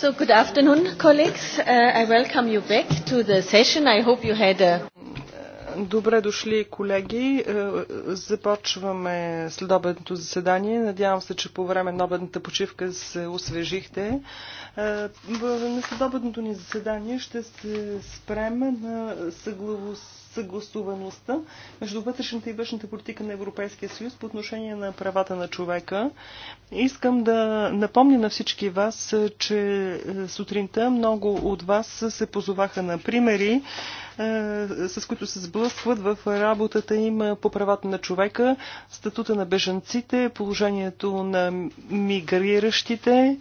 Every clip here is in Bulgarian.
So good afternoon, colleagues. Uh, I welcome you back to the session. I hope you had a... Добре дошли, колеги. Е, започваме следобедното заседание. Надявам се, че по време на обедната почивка се освежихте. Е, на следобедното ни заседание ще се спреме на съгласност съгласуваността между вътрешната и външната политика на Европейския съюз по отношение на правата на човека. Искам да напомня на всички вас, че е, сутринта много от вас се позоваха на примери, е, с които се сблъскват в работата им по правата на човека, статута на бежанците, положението на мигриращите,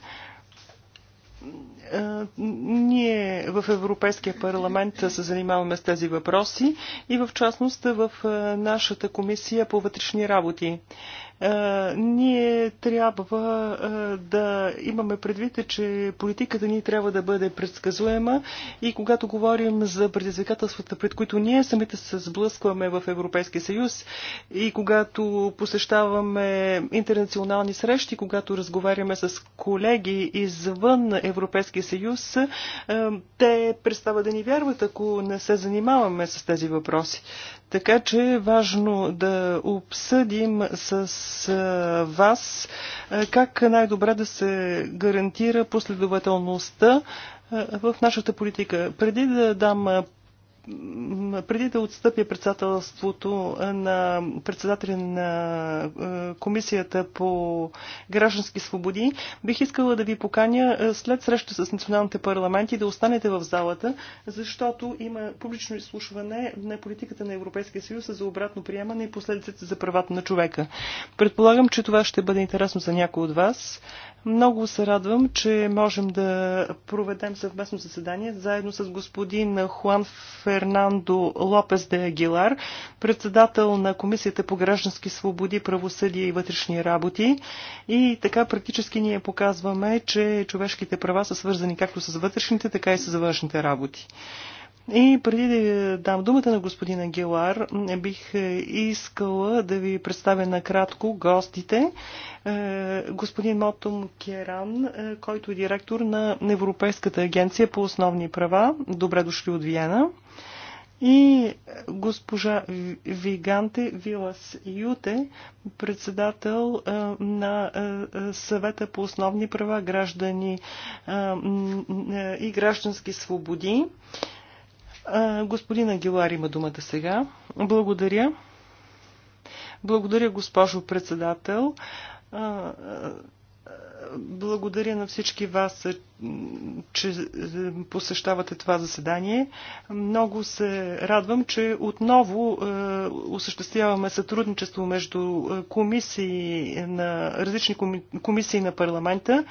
е, ние в Европейския парламент се занимаваме с тези въпроси и в частност в е, нашата комисия по вътрешни работи. Е, ние трябва е, да имаме предвид, че политиката ни трябва да бъде предсказуема и когато говорим за предизвикателствата, пред които ние самите се сблъскваме в Европейския съюз и когато посещаваме интернационални срещи, когато разговаряме с колеги извън Европейския съюз, е, те представят да ни вярват, ако не се занимаваме с тези въпроси. Така че е важно да обсъдим с вас как най-добре да се гарантира последователността в нашата политика. Преди да дам преди да отстъпя председателството на председателя на е, Комисията по граждански свободи, бих искала да ви поканя е, след среща с националните парламенти да останете в залата, защото има публично изслушване на политиката на Европейския съюз за обратно приемане и последиците за правата на човека. Предполагам, че това ще бъде интересно за някой от вас. Много се радвам, че можем да проведем съвместно заседание заедно с господин Хуан Фернандо Лопес де Агилар, председател на Комисията по граждански свободи, правосъдие и вътрешни работи. И така практически ние показваме, че човешките права са свързани както с вътрешните, така и с външните работи. И преди да дам думата на господина Гелар, бих е, искала да ви представя накратко гостите. Е, господин Мотом Керан, е, който е директор на Европейската агенция по основни права. Добре дошли от Виена. И госпожа Виганте Вилас Юте, председател на съвета по основни права, граждани и граждански свободи. Господин Агилар има думата сега. Благодаря. Благодаря, госпожо председател. Благодаря на всички вас, че посещавате това заседание. Много се радвам, че отново осъществяваме сътрудничество между комисии на различни комисии на парламента.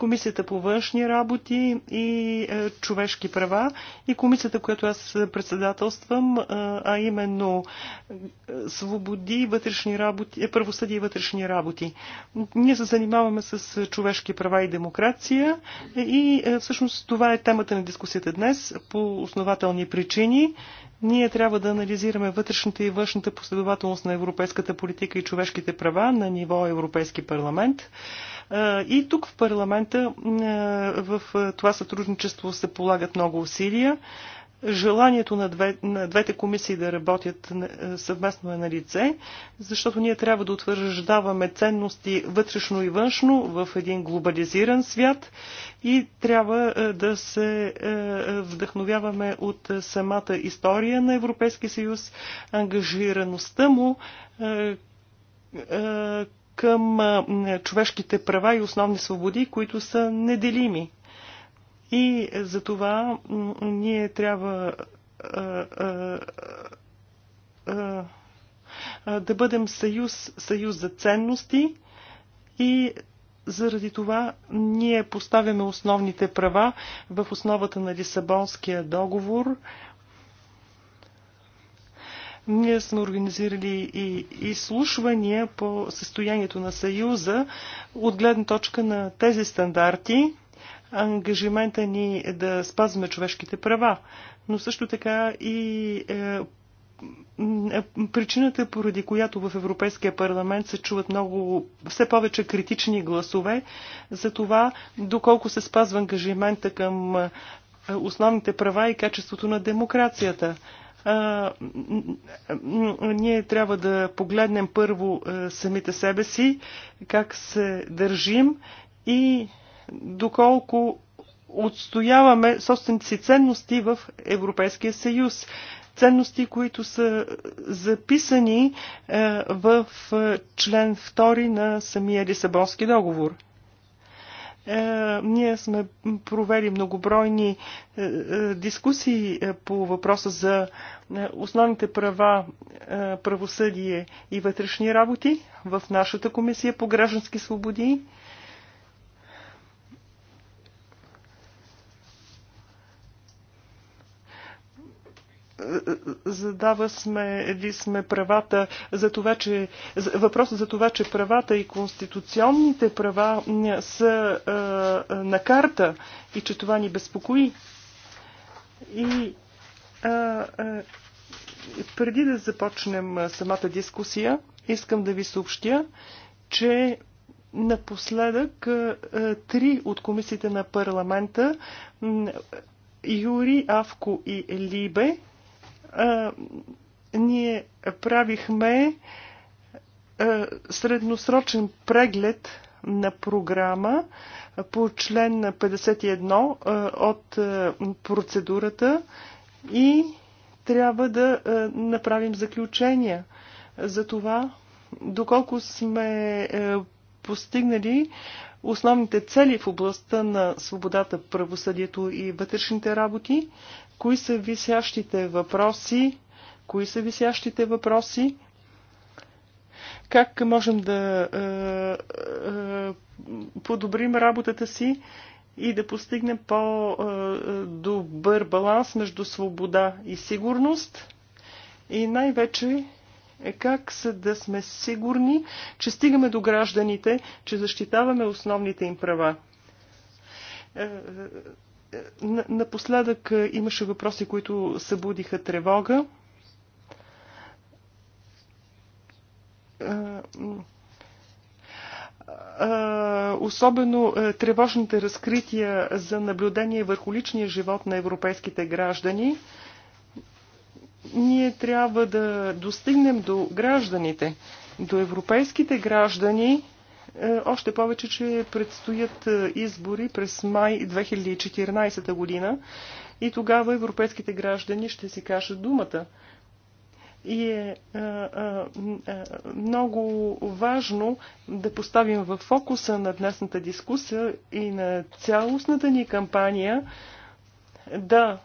Комисията по външни работи и е, човешки права и комисията, която аз председателствам, е, а именно е, свободи, вътрешни работи, е, правосъдие и вътрешни работи. Ние се занимаваме с човешки права и демокрация и е, всъщност това е темата на дискусията днес по основателни причини. Ние трябва да анализираме вътрешната и външната последователност на европейската политика и човешките права на ниво Европейски парламент. И тук в парламента в това сътрудничество се полагат много усилия. Желанието на, две, на двете комисии да работят е, съвместно е на лице, защото ние трябва да утвърждаваме ценности вътрешно и външно в един глобализиран свят и трябва е, да се е, вдъхновяваме от самата история на Европейския съюз, ангажираността му към човешките права и основни свободи, които са неделими. И за това ние трябва да бъдем съюз, съюз за ценности и заради това ние поставяме основните права в основата на Лисабонския договор. Ние сме организирали и изслушвания по състоянието на Съюза от гледна точка на тези стандарти ангажимента ни да спазваме човешките права, но също така и е, е, причината, поради която в Европейския парламент се чуват много, все повече критични гласове за това, доколко се спазва ангажимента към е, основните права и качеството на демокрацията. А, ние трябва да погледнем първо самите себе си, как се държим и доколко отстояваме собствените си ценности в Европейския съюз. Ценности, които са записани е, в е, член 2 на самия Лисабонски договор е, ние сме провели многобройни дискусии по въпроса за основните права, правосъдие и вътрешни работи в нашата комисия по граждански свободи. задава сме ли сме правата за това, че въпросът за това, че правата и конституционните права са а, на карта и че това ни безпокои. И а, а, преди да започнем самата дискусия, искам да ви съобщя, че напоследък три от комисиите на парламента Юри, Авко и Либе ние правихме средносрочен преглед на програма по член 51 от процедурата и трябва да направим заключения за това, доколко сме постигнали основните цели в областта на свободата, правосъдието и вътрешните работи, Кои са висящите въпроси? Кои са висящите въпроси? Как можем да е, е, подобрим работата си и да постигнем по-добър баланс между свобода и сигурност? И най-вече е как са да сме сигурни, че стигаме до гражданите, че защитаваме основните им права. Е, е, Напоследък имаше въпроси, които събудиха тревога. Особено тревожните разкрития за наблюдение върху личния живот на европейските граждани. Ние трябва да достигнем до гражданите, до европейските граждани, е, още повече, че предстоят е, избори през май 2014 година и тогава европейските граждани ще си кажат думата. И е, е, е, е много важно да поставим в фокуса на днесната дискусия и на цялостната ни кампания да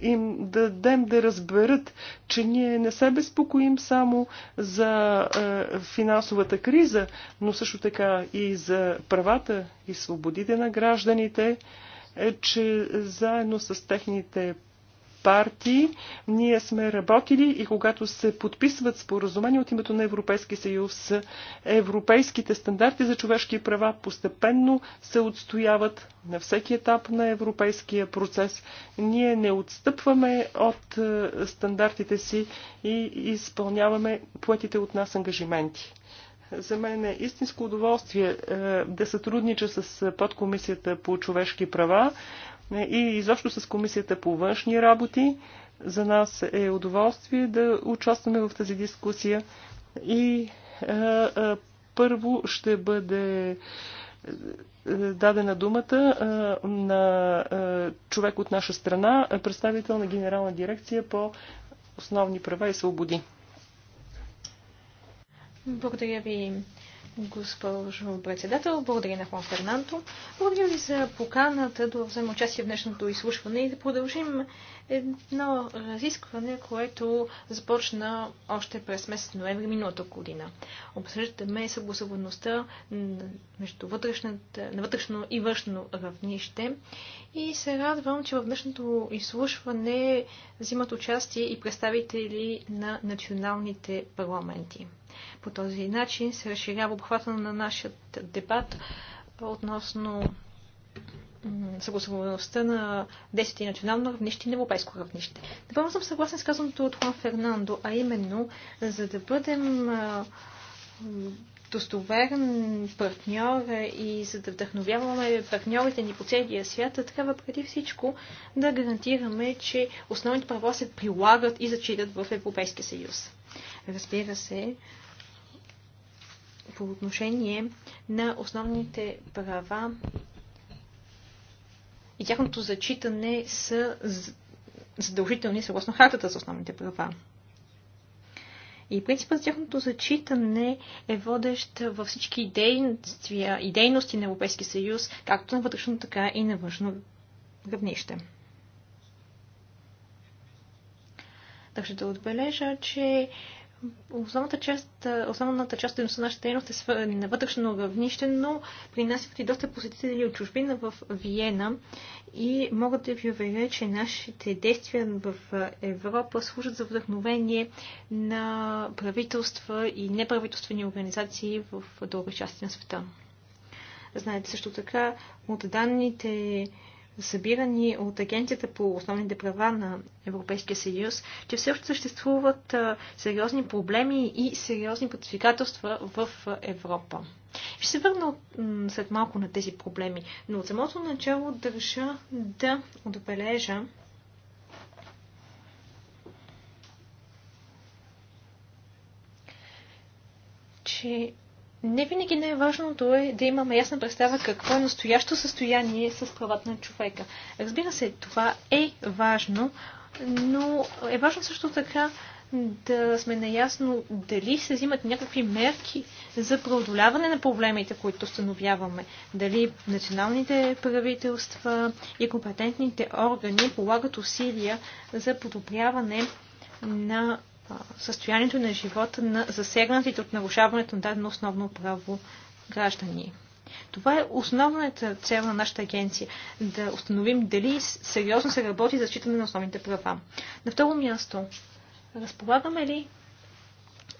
им дадем да разберат, че ние не се безпокоим само за е, финансовата криза, но също така и за правата и свободите на гражданите, е, че заедно с техните партии ние сме работили и когато се подписват споразумения от името на Европейски съюз, европейските стандарти за човешки права постепенно се отстояват на всеки етап на европейския процес. Ние не отстъпваме от е, стандартите си и изпълняваме поетите от нас ангажименти. За мен е истинско удоволствие е, да сътруднича с е, подкомисията по човешки права и изобщо с Комисията по външни работи. За нас е удоволствие да участваме в тази дискусия и а, е, а, е, първо ще бъде е, дадена думата на човек от наша страна, представител на Генерална дирекция по основни права и свободи. Благодаря ви, госпожо председател. Благодаря на Хуан Фернанто. Благодаря ви за поканата да взема участие в днешното изслушване и да продължим едно разискване, което започна още през месец ноември миналата година. Обсъждаме съгласуваността между на вътрешно и външно равнище и се радвам, че в днешното изслушване взимат участие и представители на националните парламенти. По този начин се разширява обхвата на нашия дебат относно съгласуваността на 10 ти национално равнище и на европейско равнище. Напълно съм съгласен с казаното от Хуан Фернандо, а именно, за да бъдем достоверен партньор и за да вдъхновяваме партньорите ни по целия свят, трябва преди всичко да гарантираме, че основните права се прилагат и зачитат в Европейския съюз. Разбира се, по отношение на основните права и тяхното зачитане са задължителни съгласно хартата за основните права. И принципът за тяхното зачитане е водещ във всички действия и дейности на Европейския съюз, както на вътрешно, така и на външно равнище. Така ще да отбележа, че Основната част, основната част на нашата дейност е на вътрешно равнище, но принасят и доста посетители от чужбина в Виена и могат да ви уверя, че нашите действия в Европа служат за вдъхновение на правителства и неправителствени организации в други части на света. Знаете също така от данните събирани от Агенцията по основните права на Европейския съюз, че все още съществуват сериозни проблеми и сериозни предизвикателства в Европа. Ще се върна след малко на тези проблеми, но от самото начало държа да отбележа, че не винаги най-важното е да имаме ясна представа какво е настоящо състояние с правата на човека. Разбира се, това е важно, но е важно също така да сме наясно дали се взимат някакви мерки за преодоляване на проблемите, които установяваме. Дали националните правителства и компетентните органи полагат усилия за подобряване на състоянието на живота на засегнатите от нарушаването на дадено основно право граждани. Това е основната цел на нашата агенция да установим дали сериозно се работи за зачитане на основните права. На второ място, разполагаме ли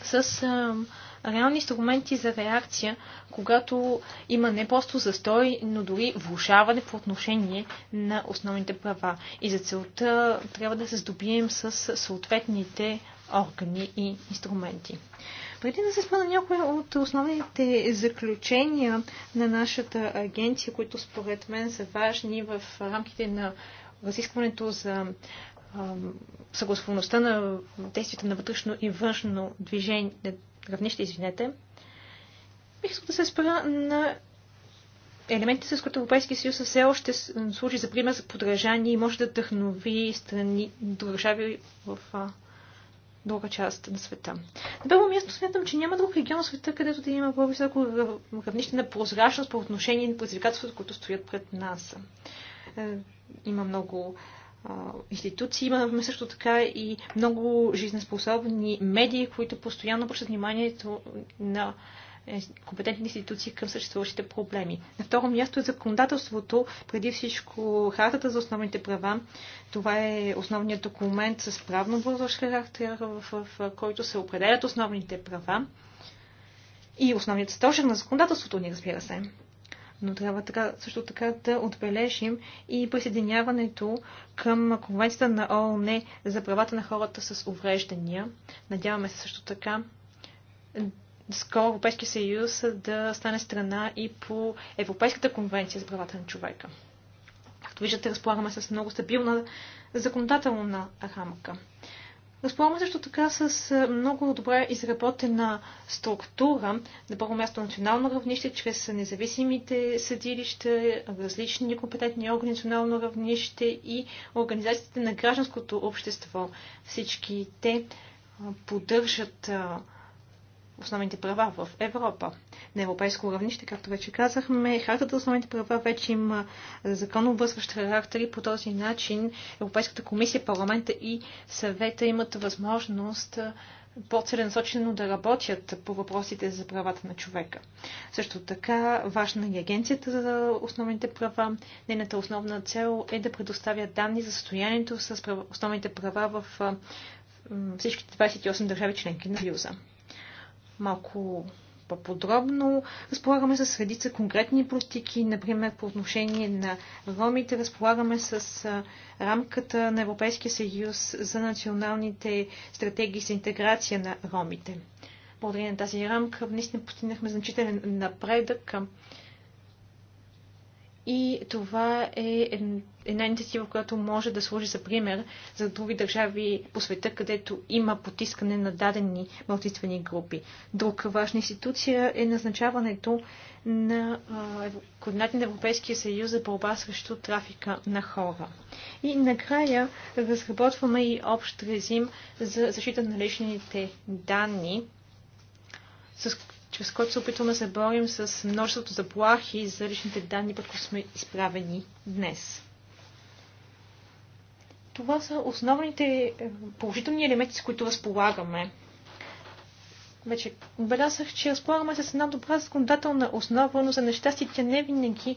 с а, реални инструменти за реакция, когато има не просто застой, но дори влушаване по отношение на основните права. И за целта трябва да се здобием с съответните органи и инструменти. Преди да се спомена някои от основните заключения на нашата агенция, които според мен са важни в рамките на разискването за съгласуваността на действията на вътрешно и външно движение, равнище, извинете, бих искал да се спра на елементите, с които Европейския съюз все още служи за пример за подражание и може да вдъхнови страни, държави в друга част на света. На първо място смятам, че няма друг регион на света, където да има по-високо равнище на прозрачност по отношение на предизвикателствата, които стоят пред нас. Е, има много институции, имаме също така и много жизнеспособни медии, които постоянно обръщат вниманието на е, компетентни институции към съществуващите проблеми. На второ място е законодателството, преди всичко хартата за основните права. Това е основният документ с правно вързващ характер, в, в, в който се определят основните права и основният стожер на законодателството ни, разбира се. Но трябва така, също така да отбележим и присъединяването към Конвенцията на ООН за правата на хората с увреждания. Надяваме се също така скоро Европейския съюз да стане страна и по Европейската конвенция за правата на човека. Както виждате, разполагаме с много стабилна законодателна рамка. Разполагаме също така с е, много добре изработена структура, на първо място национално равнище, чрез независимите съдилища, различни компетентни органи национално равнище и организациите на гражданското общество. Всички те е, поддържат е, основните права в Европа. На европейско равнище, както вече казахме, хартата за основните права вече има законно обвързващ характер и по този начин Европейската комисия, парламента и съвета имат възможност по-целенасочено да работят по въпросите за правата на човека. Също така, важна е Агенцията за основните права. Нейната основна цел е да предоставя данни за състоянието с основните права в всичките 28 държави членки на Съюза малко по-подробно. Разполагаме с редица конкретни политики, например по отношение на ромите, разполагаме с рамката на Европейския съюз за националните стратегии за интеграция на ромите. Благодарение на тази рамка наистина постигнахме значителен напредък към. И това е една инициатива, която може да служи за пример за други държави по света, където има потискане на дадени малцинствени групи. Друг важна институция е назначаването на координатен на Европейския съюз за борба срещу трафика на хора. И накрая разработваме и общ резим за защита на личните данни, с чрез който се опитваме да се борим с множеството заплахи за личните данни, пък сме изправени днес. Това са основните е, положителни елементи, с които разполагаме. Вече отбелязах, че разполагаме с една добра законодателна основа, но за нещастие тя не винаги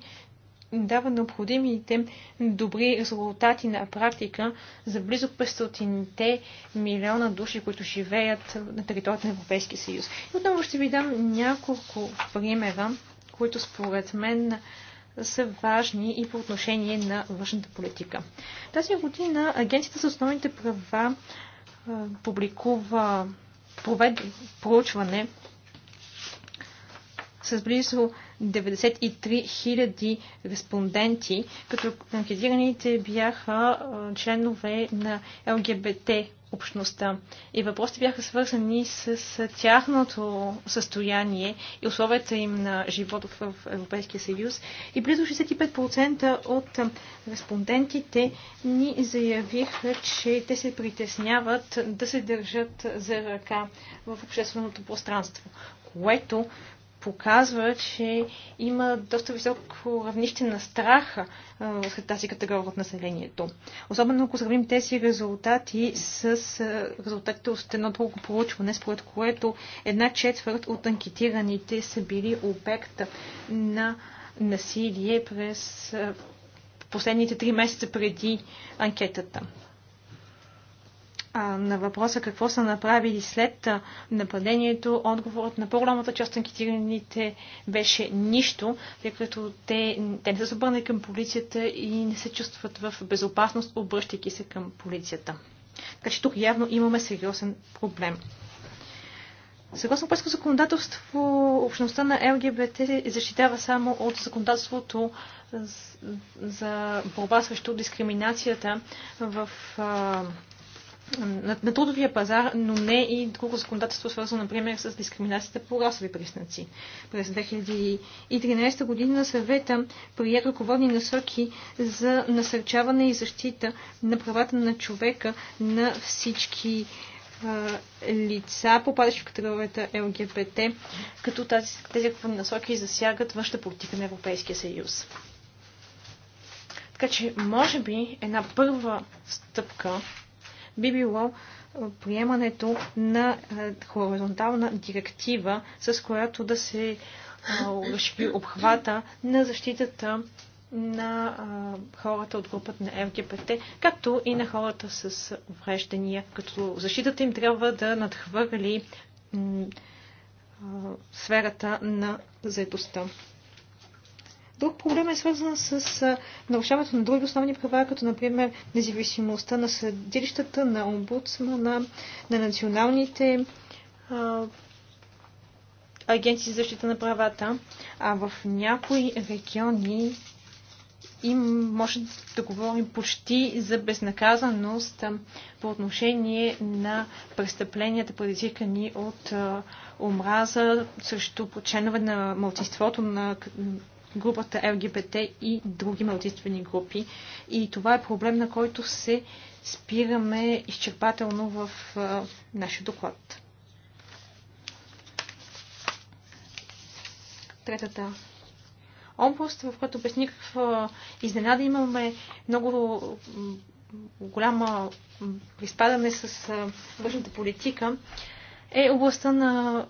дава необходимите добри резултати на практика за близо 500-те милиона души, които живеят на територията на Европейския съюз. И отново ще ви дам няколко примера, които според мен са важни и по отношение на външната политика. Тази година Агенцията за основните права публикува проучване с близо 93 000 респонденти, като анкетираните бяха членове на ЛГБТ общността. И въпросите бяха свързани с тяхното състояние и условията им на живот в Европейския съюз. И близо 65% от респондентите ни заявиха, че те се притесняват да се държат за ръка в общественото пространство, което показва, че има доста високо равнище на страха сред тази категория от населението. Особено ако сравним тези резултати с резултатите от едно друго проучване, според което една четвърт от анкетираните са били обект на насилие през последните три месеца преди анкетата на въпроса какво са направили след нападението, отговорът на по-голямата част на анкетираните беше нищо, тъй като те, те не са обърнали към полицията и не се чувстват в безопасност, обръщайки се към полицията. Така че тук явно имаме сериозен проблем. Съгласно пълско законодателство, общността на ЛГБТ защитава само от законодателството за борба срещу дискриминацията в на, на трудовия пазар, но не и друго законодателство, свързано, например, с дискриминацията по расови признаци. През 2013 година съвета прие ръководни насоки за насърчаване и защита на правата на човека на всички лица, попадащи в категорията ЛГБТ, като тази, тези насоки засягат външната политика на Европейския съюз. Така че, може би, една първа стъпка би било е, приемането на е, хоризонтална директива, с която да се разшири е, обхвата на защитата на хората от групата на ЛГБТ, както и на хората с увреждания, като защитата им трябва да надхвърли сферата на заедостта. Друг проблем е свързан с нарушаването на други основни права, като например независимостта на съдилищата, на омбудсмана, на националните а, агенции за защита на правата, а в някои региони им може да говорим почти за безнаказаност по отношение на престъпленията, предизвикани от омраза срещу членове на мълтинството на групата ЛГБТ и други малцинствени групи. И това е проблем, на който се спираме изчерпателно в а, нашия доклад. Третата област, в която без никаква изненада имаме много голяма приспадане с външната политика, е областта на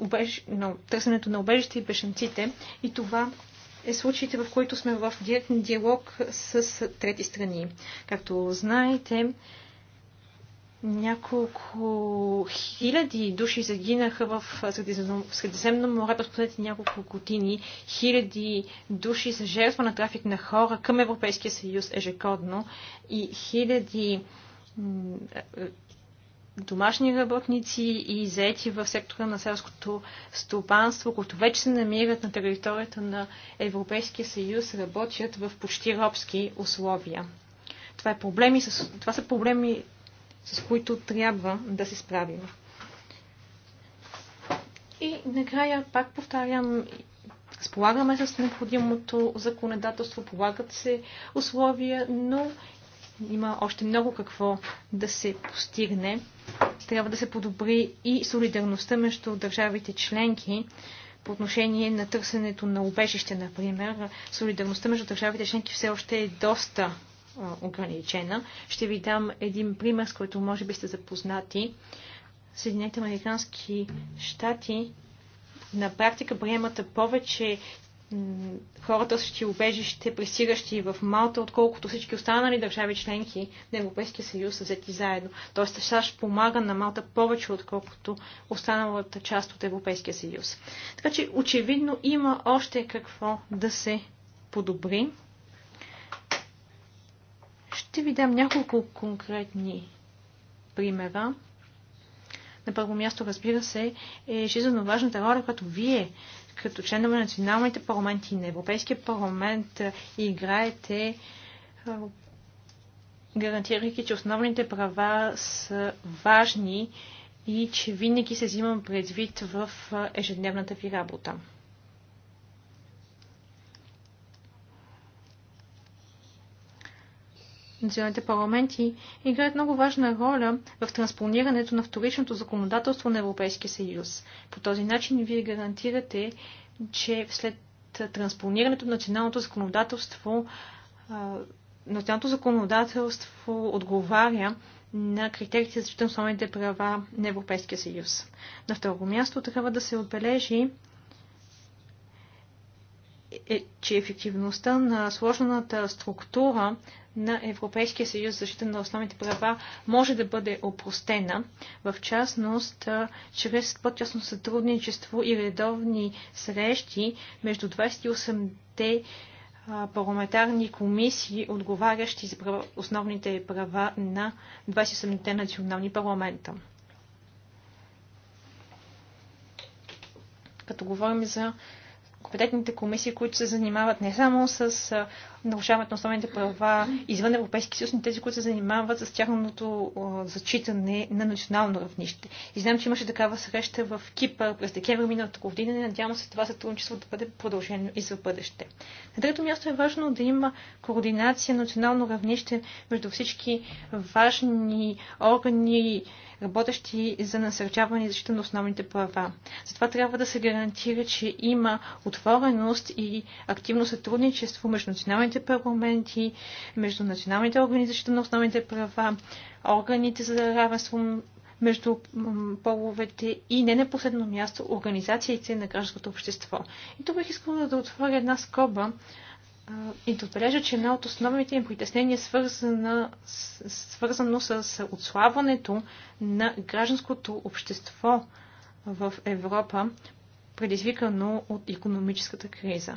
убеж... на търсенето на убежище и бешенците. И това е случаите, в които сме в директен диалог с трети страни. Както знаете, няколко хиляди души загинаха в Средиземно море през последните няколко години. Хиляди души са жертва на трафик на хора към Европейския съюз ежегодно и хиляди домашни работници и заети в сектора на селското стопанство, които вече се намират на територията на Европейския съюз, работят в почти робски условия. Това, е проблеми с, това са проблеми, с които трябва да се справим. И накрая, пак повтарям, разполагаме с необходимото законодателство, полагат се условия, но има още много какво да се постигне. Трябва да се подобри и солидарността между държавите членки по отношение на търсенето на убежище, например. Солидарността между държавите членки все още е доста ограничена. Ще ви дам един пример, с който може би сте запознати. Съединените американски щати на практика приемат повече хората същи убежище, пресиращи в Малта, отколкото всички останали държави членки на Европейския съюз са взети заедно. Тоест САЩ помага на Малта повече, отколкото останалата част от Европейския съюз. Така че очевидно има още какво да се подобри. Ще ви дам няколко конкретни примера. На първо място, разбира се, е жизненно важната роля, която вие като членове на националните парламенти и на Европейския парламент играете, гарантирайки, че основните права са важни и че винаги се взимам предвид в ежедневната ви работа. националните парламенти играят много важна роля в транспонирането на вторичното законодателство на Европейския съюз. По този начин вие гарантирате, че след транспонирането на националното законодателство националното законодателство отговаря на критериите за защита на основните права на Европейския съюз. На второ място трябва да се отбележи, е, че ефективността на сложната структура на Европейския съюз за защита на основните права може да бъде опростена, в частност чрез по-тясно сътрудничество и редовни срещи между 28-те парламентарни комисии, отговарящи за основните права на 27-те национални парламента. Като говорим за компетентните комисии, които се занимават не само с нарушаването на основните права извън Европейски съюз, но тези, които се занимават с тяхното зачитане на национално равнище. И знам, че имаше такава среща в Кипър през декември миналата година и надявам се това сътрудничество да бъде продължено и за бъдеще. На трето място е важно да има координация на национално равнище между всички важни органи, работещи за насърчаване и защита на основните права. Затова трябва да се гарантира, че има отвореност и активно сътрудничество между националните националните парламенти, между националните органи защита на основните права, органите за равенство между половете и не на последно място организациите на гражданското общество. И тук бих искала да отворя една скоба и да отбележа, че една от основните им притеснения е свързана, свързано с отслабването на гражданското общество в Европа, предизвикано от економическата криза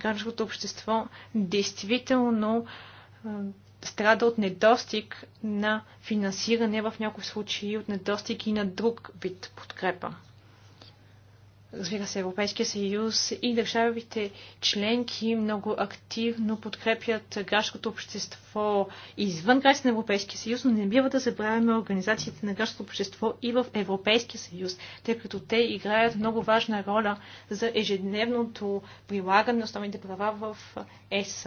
гражданското общество действително страда от недостиг на финансиране, в някои случаи от недостиг и на друг вид подкрепа. Разбира се, Европейския съюз и държавите членки много активно подкрепят гражданското общество извън границите на Европейския съюз, но не бива да забравяме организациите на гражданското общество и в Европейския съюз, тъй като те играят много важна роля за ежедневното прилагане на основните права в ЕС.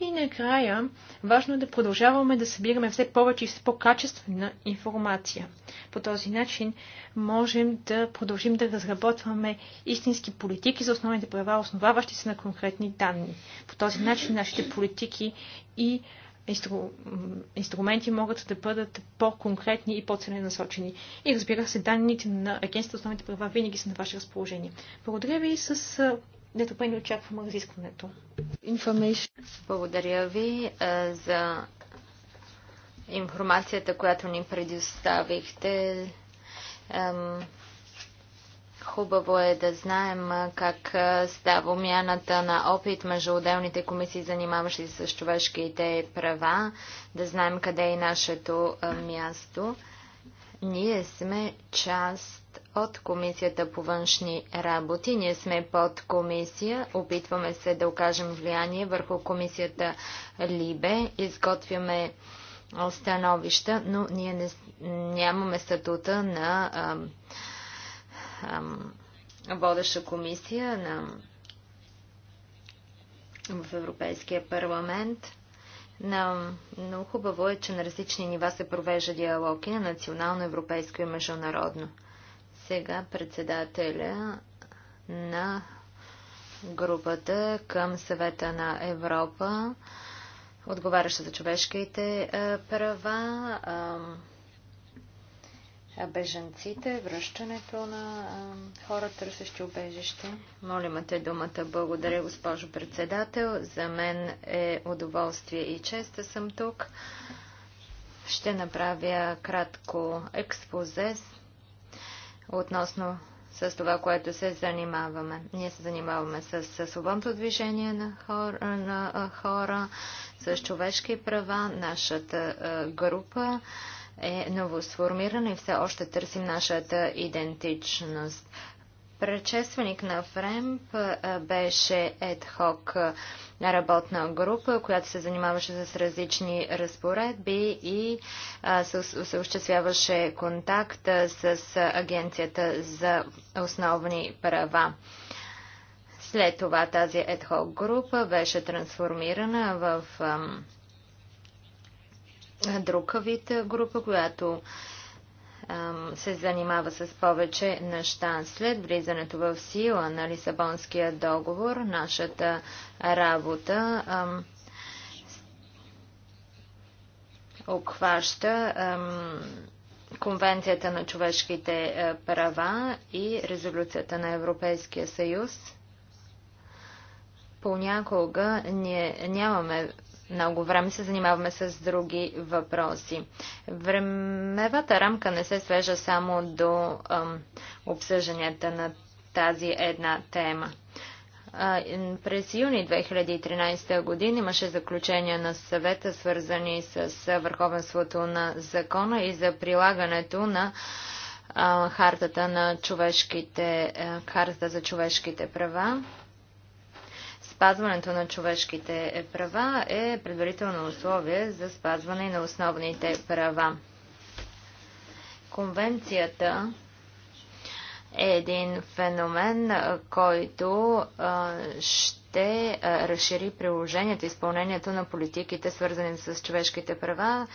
И накрая, важно е да продължаваме да събираме все повече и все по-качествена информация. По този начин можем да продължим да разработваме имаме истински политики за основните права, основаващи се на конкретни данни. По този начин нашите политики и инстру... инструменти могат да бъдат по-конкретни и по-целенасочени. И разбира се, данните на Агенцията основните права винаги са на ваше разположение. Благодаря ви с нетопени очаквам разискването. Благодаря ви а, за информацията, която ни предоставихте. Хубаво е да знаем как става умяната на опит между отделните комисии, занимаващи се с човешките права, да знаем къде е нашето място. Ние сме част от Комисията по външни работи. Ние сме под комисия. Опитваме се да окажем влияние върху комисията Либе. Изготвяме становища, но ние не, нямаме статута на а, водеща комисия на, в Европейския парламент. На, но хубаво е, че на различни нива се провежда диалог и на национално, европейско и международно. Сега председателя на групата към съвета на Европа, отговаряща за човешките права, бежанците, връщането на хора, търсещи обежище. Моля, те думата. Благодаря, госпожо председател. За мен е удоволствие и честа съм тук. Ще направя кратко експозе относно с това, което се занимаваме. Ние се занимаваме с свободното движение на хора, на хора, с човешки права, нашата група е новосформирана и все още търсим нашата идентичност. Предшественик на ФРЕМП беше ЕДХОК работна група, която се занимаваше с различни разпоредби и се осъществяваше контакт с Агенцията за основни права. След това тази ЕДХОК група беше трансформирана в ам, друг вид група, която се занимава с повече неща. След влизането в сила на Лисабонския договор, нашата работа обхваща Конвенцията на човешките е, права и резолюцията на Европейския съюз. Понякога ние нямаме много време се занимаваме с други въпроси. Времевата рамка не се свежа само до обсъжданията на тази една тема. през юни 2013 година имаше заключения на съвета, свързани с върховенството на закона и за прилагането на хартата, на човешките, е, хартата за човешките права. Спазването на човешките права е предварително условие за спазване на основните права. Конвенцията е един феномен, който ще разшири приложението и изпълнението на политиките, свързани с човешките права,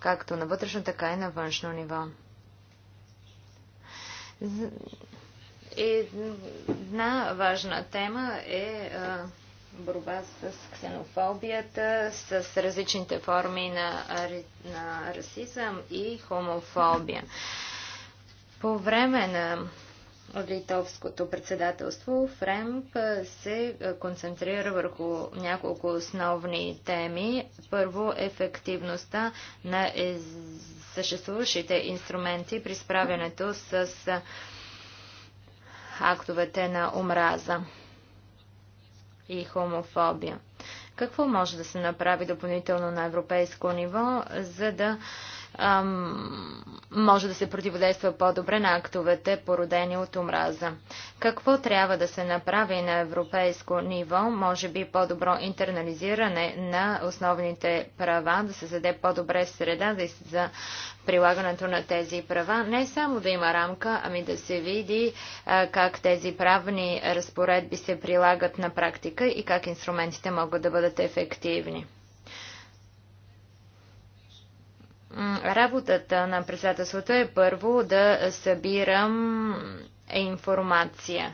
както на вътрешно, така и на външно ниво. Една важна тема е борба с ксенофобията, с различните форми на, на расизъм и хомофобия. По време на литовското председателство ФРЕМП се концентрира върху няколко основни теми. Първо, ефективността на съществуващите инструменти при справянето с актовете на омраза и хомофобия. Какво може да се направи допълнително на европейско ниво, за да може да се противодейства по-добре на актовете, породени от омраза. Какво трябва да се направи на европейско ниво? Може би по-добро интернализиране на основните права, да се заде по-добре среда за прилагането на тези права. Не само да има рамка, ами да се види как тези правни разпоредби се прилагат на практика и как инструментите могат да бъдат ефективни. Работата на председателството е първо да събирам информация.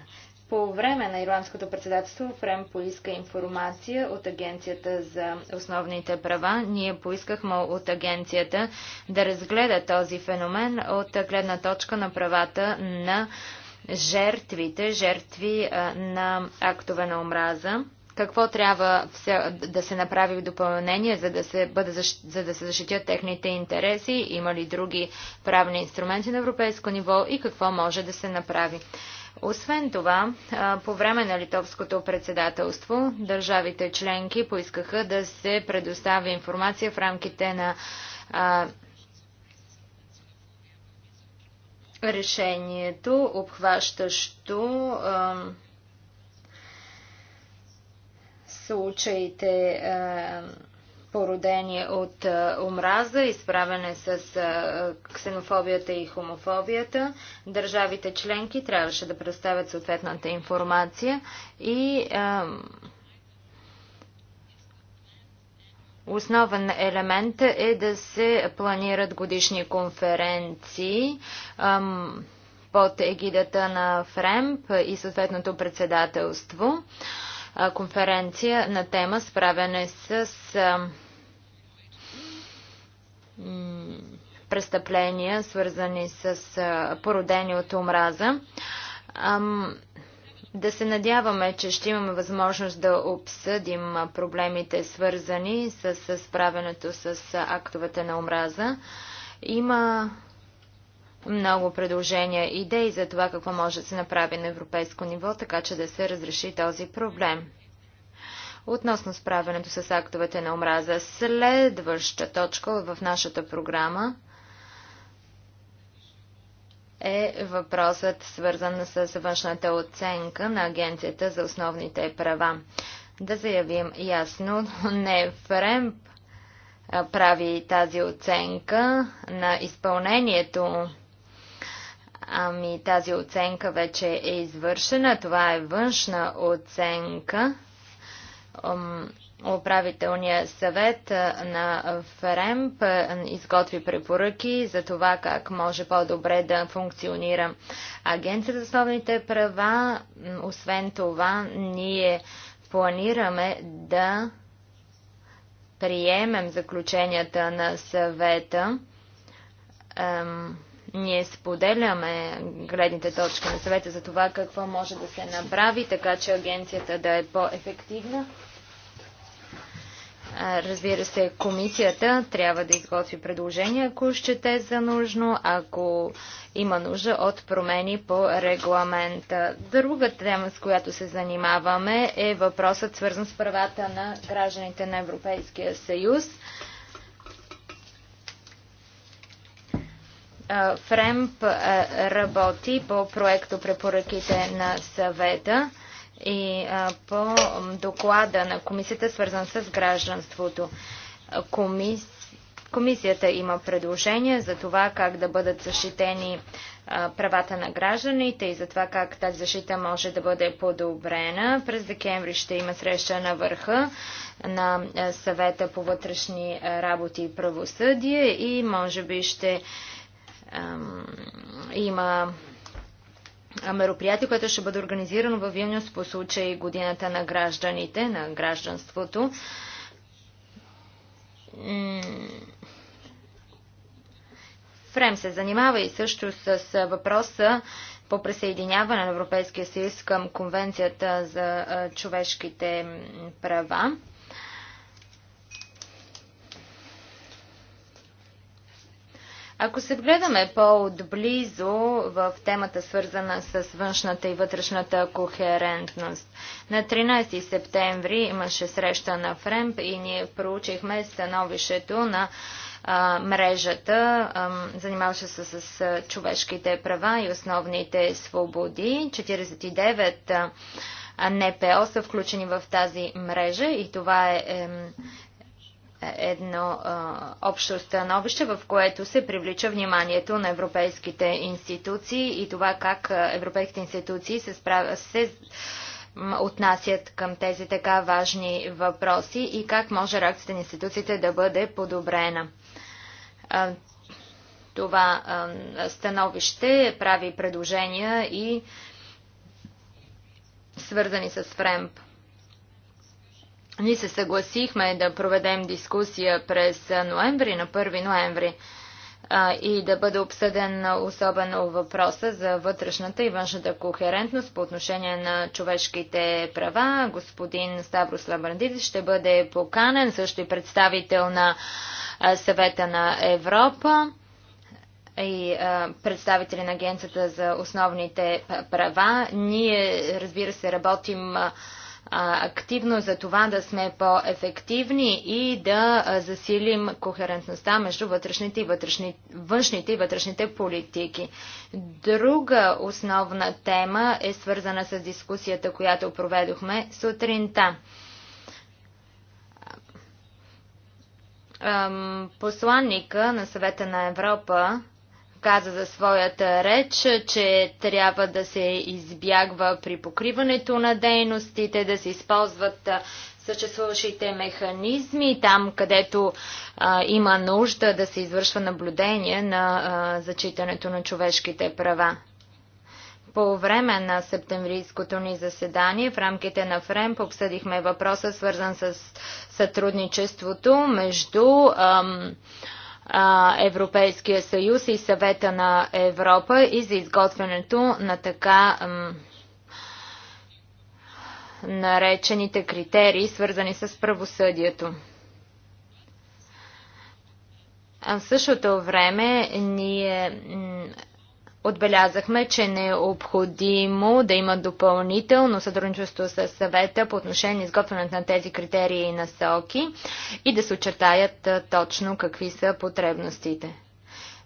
По време на ирландското председателство ФРЕМ поиска информация от Агенцията за основните права. Ние поискахме от Агенцията да разгледа този феномен от гледна точка на правата на жертвите, жертви на актове на омраза. Какво трябва да се направи в допълнение, за да се, бъде, за да се защитят техните интереси? Има ли други правни инструменти на европейско ниво и какво може да се направи? Освен това, по време на литовското председателство, държавите членки поискаха да се предостави информация в рамките на а, решението, обхващащо а, случаите е, породени от е, омраза, изправене с е, ксенофобията и хомофобията. Държавите членки трябваше да представят съответната информация и Основен елемент е да се планират годишни конференции под егидата на ФРЕМП и съответното председателство конференция на тема справяне с престъпления, свързани с породени от омраза. Да се надяваме, че ще имаме възможност да обсъдим проблемите, свързани с справянето с актовете на омраза. Има много предложения и идеи за това какво може да се направи на европейско ниво, така че да се разреши този проблем. Относно справянето с актовете на омраза, следваща точка в нашата програма е въпросът свързан с външната оценка на Агенцията за основните права. Да заявим ясно, не ФРЕМП прави тази оценка на изпълнението Ами тази оценка вече е извършена. Това е външна оценка. Управителният съвет на ФРЕМП изготви препоръки за това как може по-добре да функционира Агенцията за основните права. Освен това, ние планираме да приемем заключенията на съвета ние споделяме гледните точки на съвета за това какво може да се направи, така че агенцията да е по-ефективна. Разбира се, комисията трябва да изготви предложение, ако счете за нужно, ако има нужда от промени по регламента. Друга тема, с която се занимаваме, е въпросът свързан с правата на гражданите на Европейския съюз. ФРЕМП работи по проекто препоръките на съвета и по доклада на комисията, свързан с гражданството. Комисията има предложение за това как да бъдат защитени правата на гражданите и за това как тази защита може да бъде подобрена. През декември ще има среща на върха на съвета по вътрешни работи и правосъдие и може би ще има мероприятие, което ще бъде организирано в Вилнюс по случай годината на гражданите, на гражданството. Фрем се занимава и също с въпроса по присъединяване на Европейския съюз към Конвенцията за човешките права. Ако се вгледаме по-отблизо в темата свързана с външната и вътрешната кохерентност, на 13 септември имаше среща на ФРЕМП и ние проучихме становището на мрежата, занимаваща се с, човешките права и основните свободи. 49 НПО са включени в тази мрежа и това е, е едно а, общо становище, в което се привлича вниманието на европейските институции и това как европейските институции се, справя, се отнасят към тези така важни въпроси и как може реакцията на институциите да бъде подобрена. А, това а, становище прави предложения и свързани с ФРЕМП. Ние се съгласихме да проведем дискусия през ноември, на 1 ноември и да бъде обсъден особено въпроса за вътрешната и външната кохерентност по отношение на човешките права. Господин Ставрос Лабрандидис ще бъде поканен, също и представител на съвета на Европа и представители на Агенцията за основните права. Ние, разбира се, работим активно за това да сме по-ефективни и да засилим кохерентността между вътрешните и вътрешни, външните и вътрешните политики. Друга основна тема е свързана с дискусията, която проведохме сутринта. Посланника на съвета на Европа каза за своята реч, че трябва да се избягва при покриването на дейностите, да се използват съществуващите механизми там, където а, има нужда да се извършва наблюдение на а, зачитането на човешките права. По време на септемврийското ни заседание в рамките на ФРЕМ обсъдихме въпроса, свързан с сътрудничеството между ам, Европейския съюз и съвета на Европа и за изготвянето на така наречените критерии, свързани с правосъдието. в същото време ние Отбелязахме, че не е необходимо да има допълнително сътрудничество с съвета по отношение на изготвянето на тези критерии и насоки и да се очертаят точно какви са потребностите.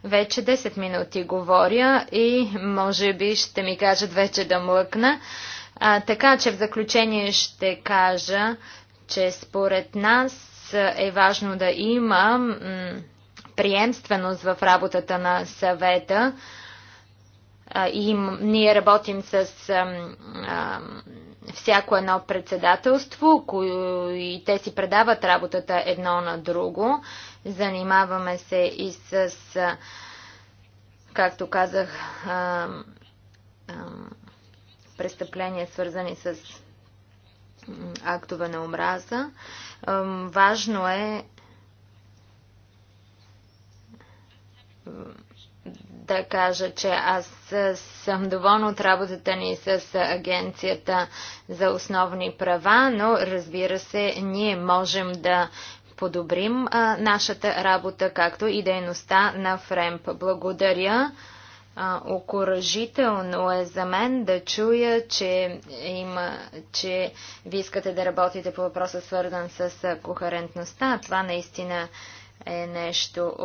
Вече 10 минути говоря и може би ще ми кажат вече да млъкна. А, така че в заключение ще кажа, че според нас е важно да има приемственост в работата на съвета и ние работим с всяко едно председателство, и те си предават работата едно на друго. Занимаваме се и с, както казах, престъпления, свързани с актове на омраза. Важно е да кажа, че аз съм доволна от работата ни с Агенцията за основни права, но разбира се, ние можем да подобрим а, нашата работа, както и дейността на ФРЕМП. Благодаря. окоръжително е за мен да чуя, че, има, че ви искате да работите по въпроса свързан с кохерентността. Това наистина е е нещо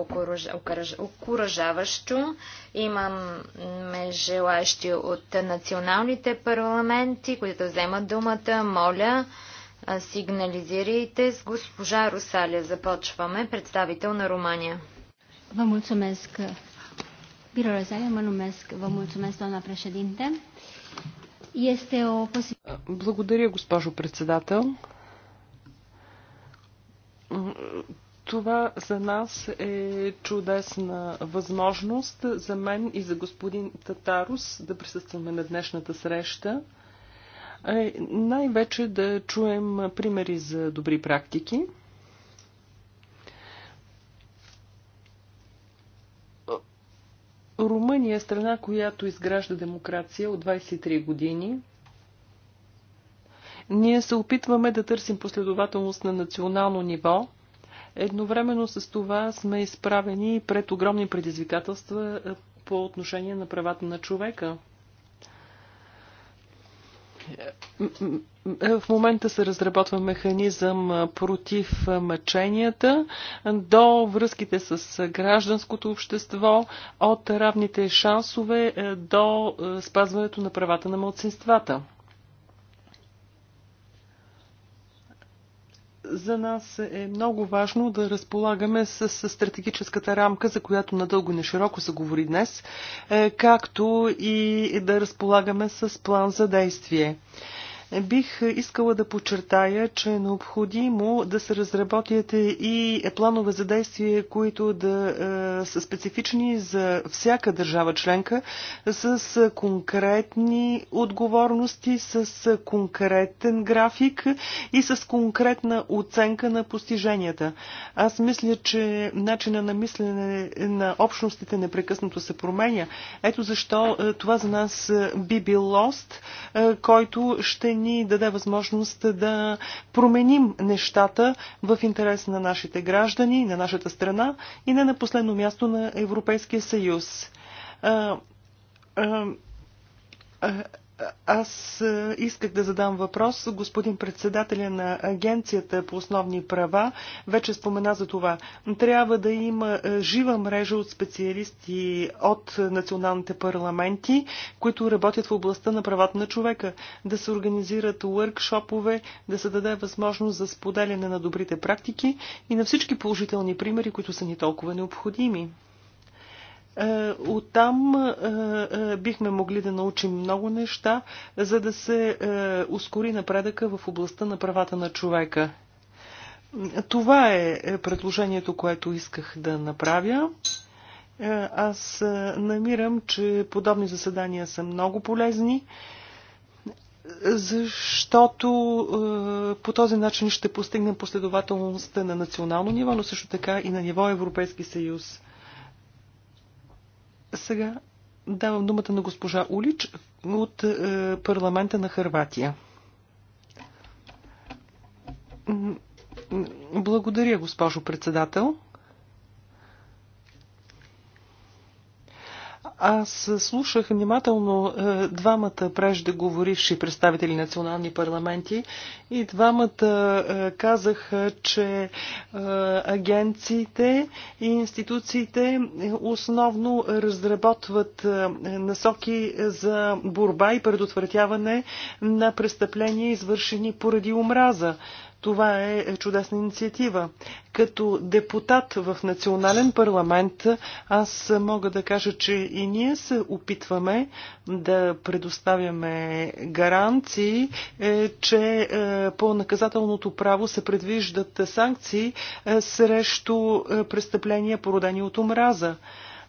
окоръжаващо. Имаме желащи от националните парламенти, които вземат думата. Моля, сигнализирайте с госпожа Русаля. Започваме, представител на Румания. Vă mulțumesc. Biro Rosalia, mă numesc. Vă mulțumesc, doamna președinte. Este o Благодаря, госпожо председател. Това за нас е чудесна възможност за мен и за господин Татарус да присъстваме на днешната среща. Е, най-вече да чуем примери за добри практики. Румъния е страна, която изгражда демокрация от 23 години. Ние се опитваме да търсим последователност на национално ниво – Едновременно с това сме изправени пред огромни предизвикателства е, по отношение на правата на човека. В момента се разработва механизъм е, против е, мъченията до връзките с гражданското общество, от равните шансове до спазването на правата на младсинствата. за нас е много важно да разполагаме с, с стратегическата рамка, за която надълго не широко се говори днес, е, както и да разполагаме с план за действие. Бих искала да подчертая, че е необходимо да се разработят и планове за действие, които да е, са специфични за всяка държава членка, с конкретни отговорности, с конкретен график и с конкретна оценка на постиженията. Аз мисля, че начина на мислене на общностите непрекъснато се променя. Ето защо е, това за нас би бил лост, е, който ще ни ни даде възможност да променим нещата в интерес на нашите граждани, на нашата страна и не на последно място на Европейския съюз аз исках да задам въпрос. Господин председателя на Агенцията по основни права вече спомена за това. Трябва да има жива мрежа от специалисти от националните парламенти, които работят в областта на правата на човека. Да се организират въркшопове, да се даде възможност за споделяне на добрите практики и на всички положителни примери, които са ни толкова необходими. Е, оттам е, е, бихме могли да научим много неща, за да се ускори напредъка в областта на правата на човека. Това е предложението, което исках да направя. Аз намирам, че подобни заседания са много полезни, защото по този начин ще постигнем последователността на национално ниво, но също така и на ниво Европейски съюз. Сега давам думата на госпожа Улич от е, парламента на Харватия. Благодаря, госпожо председател. Аз слушах внимателно е, двамата преждеговоривши представители национални парламенти и двамата е, казаха, че е, агенциите и институциите основно разработват насоки за борба и предотвратяване на престъпления, извършени поради омраза. Това е чудесна инициатива. Като депутат в национален парламент, аз мога да кажа, че и ние се опитваме да предоставяме гаранции, е, че е, по наказателното право се предвиждат санкции е, срещу престъпления, породени от омраза.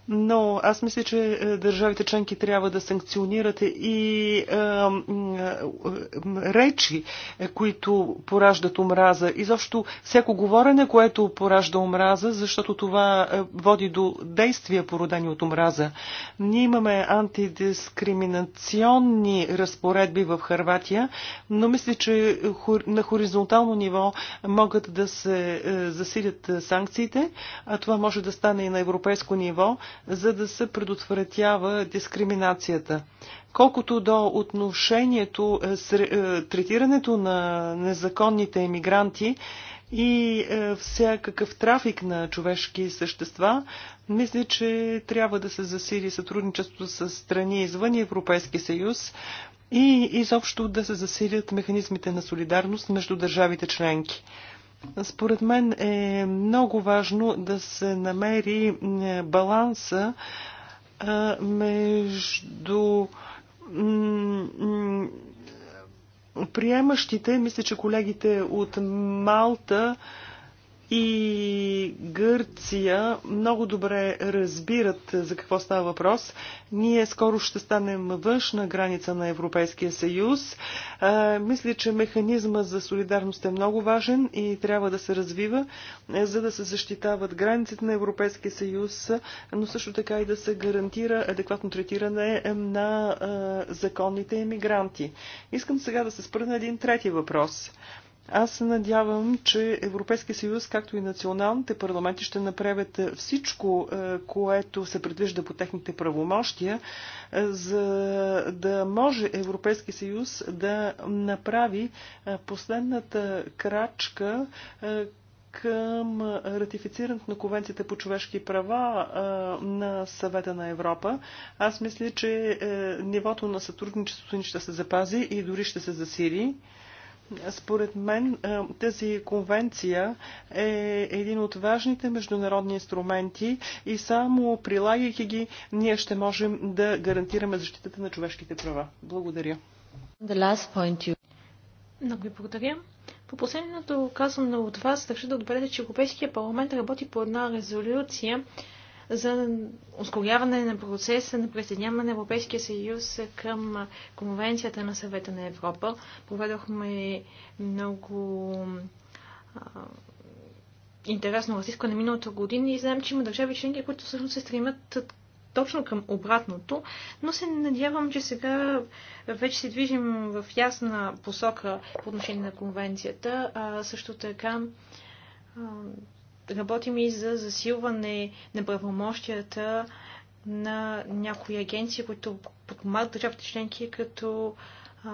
Но аз мисля, че е, държавите членки трябва да санкционират и е, е, речи, е, които пораждат омраза. И защо всяко говорене, което поражда омраза, защото това е, води до действия, породени от омраза. Ние имаме антидискриминационни разпоредби в Харватия, но мисля, че на хоризонтално ниво могат да се засилят санкциите, а това може да стане и на европейско ниво за да се предотвратява дискриминацията. Колкото до отношението, е, е, третирането на незаконните емигранти, и е, всякакъв трафик на човешки същества, мисля, че трябва да се засили сътрудничеството с страни извън Европейски съюз и изобщо да се засилят механизмите на солидарност между държавите членки. Според мен е много важно да се намери е, баланса е, между приемащите, мисля, че колегите от Малта и Гърция много добре разбират е, за какво става въпрос. Ние скоро ще станем външна граница на Европейския съюз. Е, мисля, че механизма за солидарност е много важен и трябва да се развива, е, за да се защитават границите на Европейския съюз, но също така и да се гарантира адекватно третиране на законните емигранти. Искам сега да се спра на един трети въпрос – аз се надявам, че Европейския съюз, както и националните парламенти, ще направят е, всичко, е, което се предвижда по техните правомощия, е, за да може Европейския съюз да направи последната крачка към ратифицирането на Конвенцията по човешки права на Съвета на Европа. Аз мисля, че нивото на сътрудничеството ни ще се запази и дори ще се засили. Според мен е, тази конвенция е един от важните международни инструменти и само прилагайки ги, ние ще можем да гарантираме защитата на човешките права. Благодаря. You... Много ви благодаря. По последното казано от вас, държа да отбележа, че Европейския парламент работи по една резолюция за ускоряване на процеса на присъединяване на Европейския съюз към Конвенцията на съвета на Европа. Проведохме много а, интересно разискване миналото година и знаем, че има държави членки, които всъщност се стремят точно към обратното, но се надявам, че сега вече се движим в ясна посока по отношение на конвенцията, а също така Работим и за засилване на правомощията на някои агенции, които подпомагат държавите членки, като а,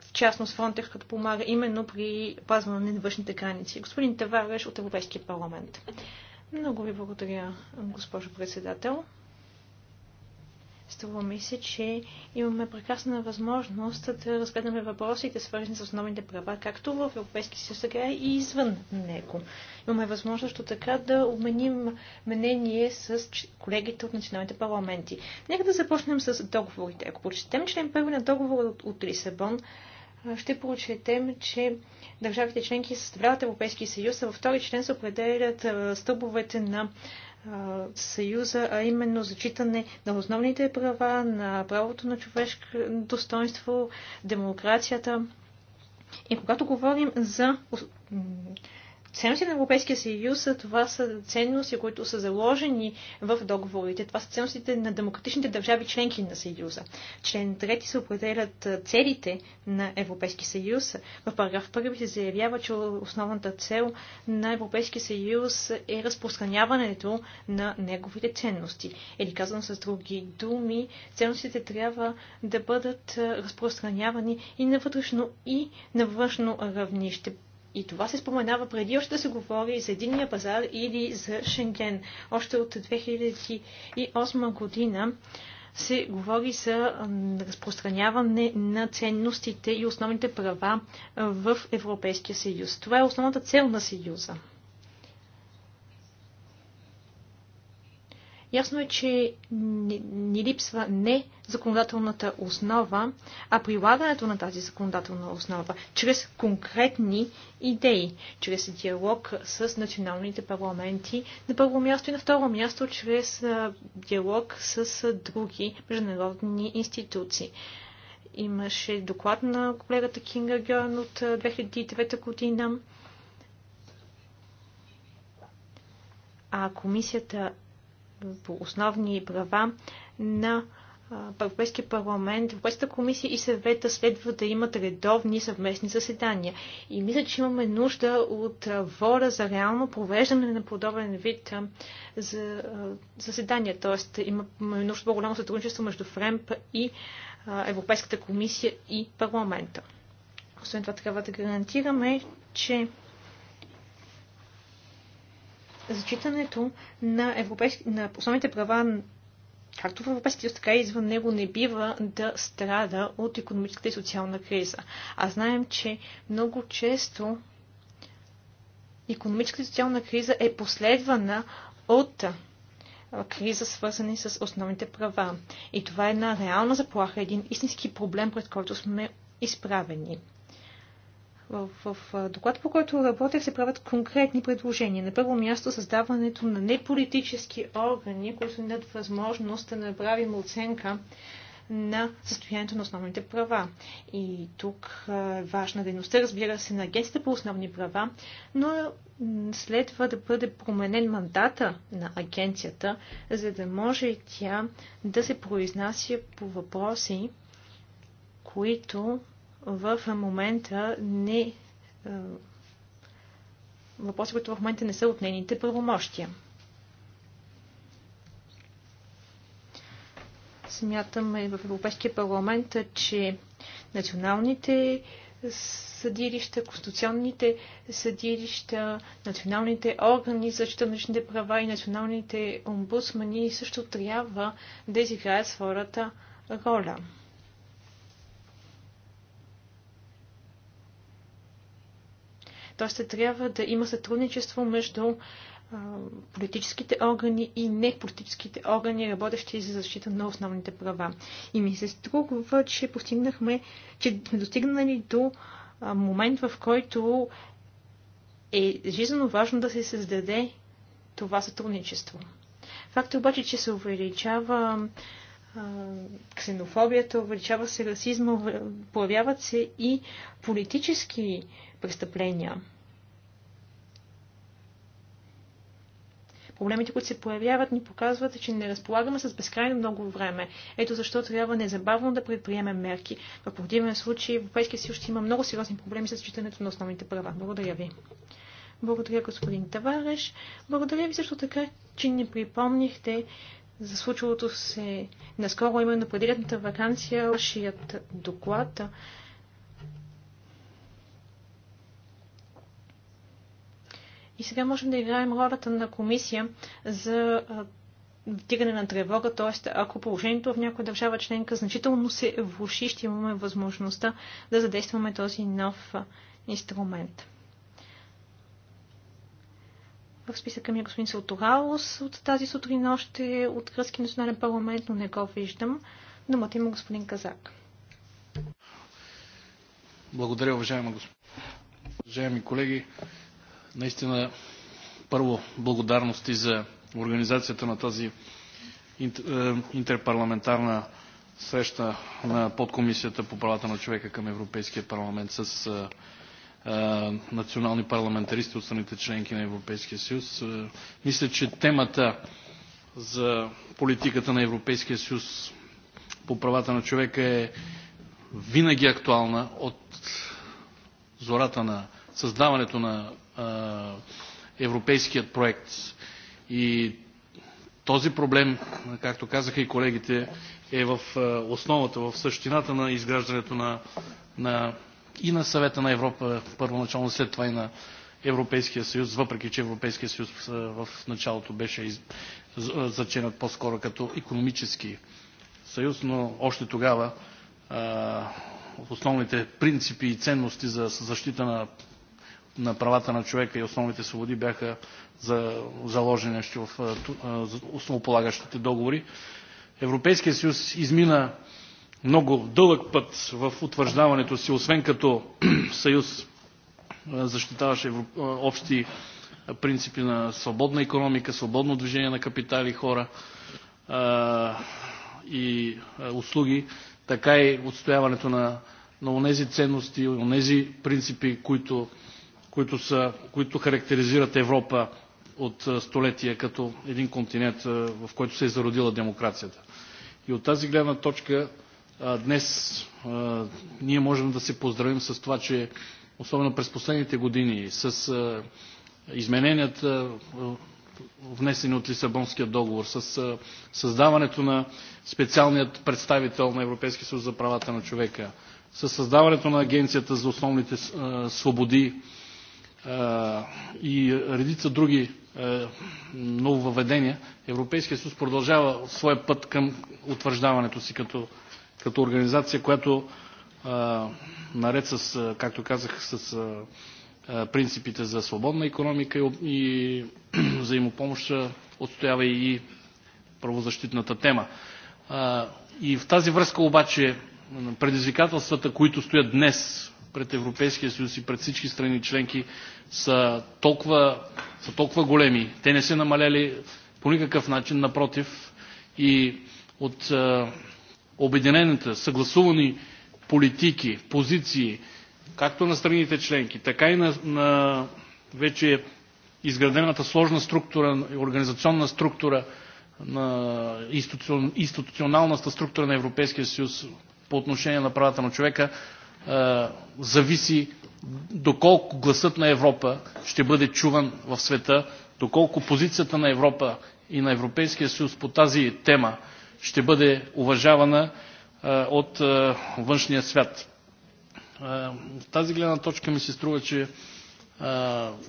в частност Фронтер, като помага именно при пазване на външните граници. Господин Тавареш от Европейския парламент. Много ви благодаря, госпожо председател. Струва ми се, че имаме прекрасна възможност да разгледаме въпросите, свързани с основните права, както в Европейския съюз, така и извън него. Имаме възможност така да обменим мнение с колегите от националните парламенти. Нека да започнем с договорите. Ако прочетем член първи на договора от Лисабон, ще прочетем, че държавите членки съставляват Европейския съюз, а във втори член се определят стълбовете на Съюза, а именно зачитане на основните права, на правото на човешко достоинство, демокрацията. И когато говорим за ценности на Европейския съюз, това са ценности, които са заложени в договорите. Това са ценностите на демократичните държави членки на Съюза. Член 3 се определят целите на Европейския съюз. В параграф 1 се заявява, че основната цел на Европейския съюз е разпространяването на неговите ценности. Или казано с други думи, ценностите трябва да бъдат разпространявани и на вътрешно, и на външно равнище. И това се споменава преди още да се говори за единния пазар или за Шенген. Още от 2008 година се говори за разпространяване на ценностите и основните права в Европейския съюз. Това е основната цел на съюза. Ясно е, че ни липсва не законодателната основа, а прилагането на тази законодателна основа чрез конкретни идеи, чрез диалог с националните парламенти на първо място и на второ място чрез диалог с други международни институции. Имаше доклад на колегата Кинга Гьорн от 2009 година. А комисията по основни права на Европейския парламент, Европейската комисия и съвета следва да имат редовни съвместни заседания. И мисля, че имаме нужда от воля за реално провеждане на подобен вид за заседания. Тоест имаме нужда по-голямо сътрудничество между ФРЕМП и Европейската комисия и парламента. Освен това трябва да гарантираме, че зачитането на, европейски, на основните права както в Европейския съюз, така и извън него не бива да страда от економическата и социална криза. А знаем, че много често економическата и социална криза е последвана от криза, свързани с основните права. И това е една реална заплаха, един истински проблем, пред който сме изправени. В, в, доклад, по който работя, се правят конкретни предложения. На първо място създаването на неполитически органи, които имат дадат възможност да направим оценка на състоянието на основните права. И тук е важна дейността, разбира се, на агенцията по основни права, но следва да бъде променен мандата на агенцията, за да може тя да се произнася по въпроси, които в момента не. Е, въпроси, които в момента не са от нейните правомощия. Смятаме в Европейския парламент, че националните съдилища, конституционните съдилища, националните органи за защита на личните права и националните омбудсмани също трябва да изиграят своята роля. Тоест ще трябва да има сътрудничество между политическите органи и неполитическите органи, работещи за защита на основните права. И ми се струва, че постигнахме, че сме достигнали до момент, в който е жизненно важно да се създаде това сътрудничество. Факт е обаче, че се увеличава ксенофобията, увеличава се расизма, появяват се и политически престъпления. Проблемите, които се появяват, ни показват, че не разполагаме с безкрайно много време. Ето защо трябва незабавно да предприемем мерки. В противен случай Европейския съюз ще има много сериозни проблеми с читането на основните права. Благодаря ви. Благодаря, господин Тавареш. Благодаря ви също така, че ни припомнихте за случилото се наскоро именно предилетната вакансия, вашият доклад. И сега можем да играем ролята на комисия за вдигане на тревога, т.е. ако положението в някоя държава членка значително се влуши, ще имаме възможността да задействаме този нов инструмент. В списъка ми е господин Салтораус от тази сутрин още от Кръски национален парламент, но не го виждам. Думата има господин Казак. Благодаря, уважаема госпожа. Уважаеми колеги, Наистина, първо, благодарности за организацията на тази е, интерпарламентарна среща на подкомисията по правата на човека към Европейския парламент с е, е, национални парламентаристи от страните членки на Европейския съюз. Мисля, че темата за политиката на Европейския съюз по правата на човека е винаги актуална от зората на създаването на европейският проект. И този проблем, както казаха и колегите, е в основата, в същината на изграждането на, на и на съвета на Европа, първоначално след това и на Европейския съюз, въпреки че Европейския съюз в началото беше заченат по-скоро като економически съюз, но още тогава а, основните принципи и ценности за защита на на правата на човека и основните свободи бяха за, заложени в основополагащите договори. Европейския съюз измина много дълъг път в утвърждаването си, освен като съюз защитаваше общи принципи на свободна економика, свободно движение на капитали, хора и услуги, така и отстояването на, на онези ценности, онези принципи, които които, са, които характеризират Европа от столетия като един континент, в който се е зародила демокрацията. И от тази гледна точка днес ние можем да се поздравим с това, че особено през последните години с измененията внесени от Лисабонския договор, с създаването на специалният представител на Европейския съюз за правата на човека, с създаването на Агенцията за основните свободи и редица други нововведения, Европейския съюз продължава своя път към утвърждаването си като, като организация, която наред с, както казах, с принципите за свободна економика и взаимопомощ отстоява и правозащитната тема. И в тази връзка обаче предизвикателствата, които стоят днес пред Европейския съюз и пред всички страни членки са толкова, са толкова големи. Те не са намаляли по никакъв начин, напротив. И от е, обединените, съгласувани политики, позиции, както на страните членки, така и на, на вече изградената сложна структура, организационна структура, на институционалната структура на Европейския съюз по отношение на правата на човека, е, зависи доколко гласът на Европа ще бъде чуван в света, доколко позицията на Европа и на Европейския съюз по тази тема ще бъде уважавана е, от е, външния свят. В тази гледна точка ми се струва, че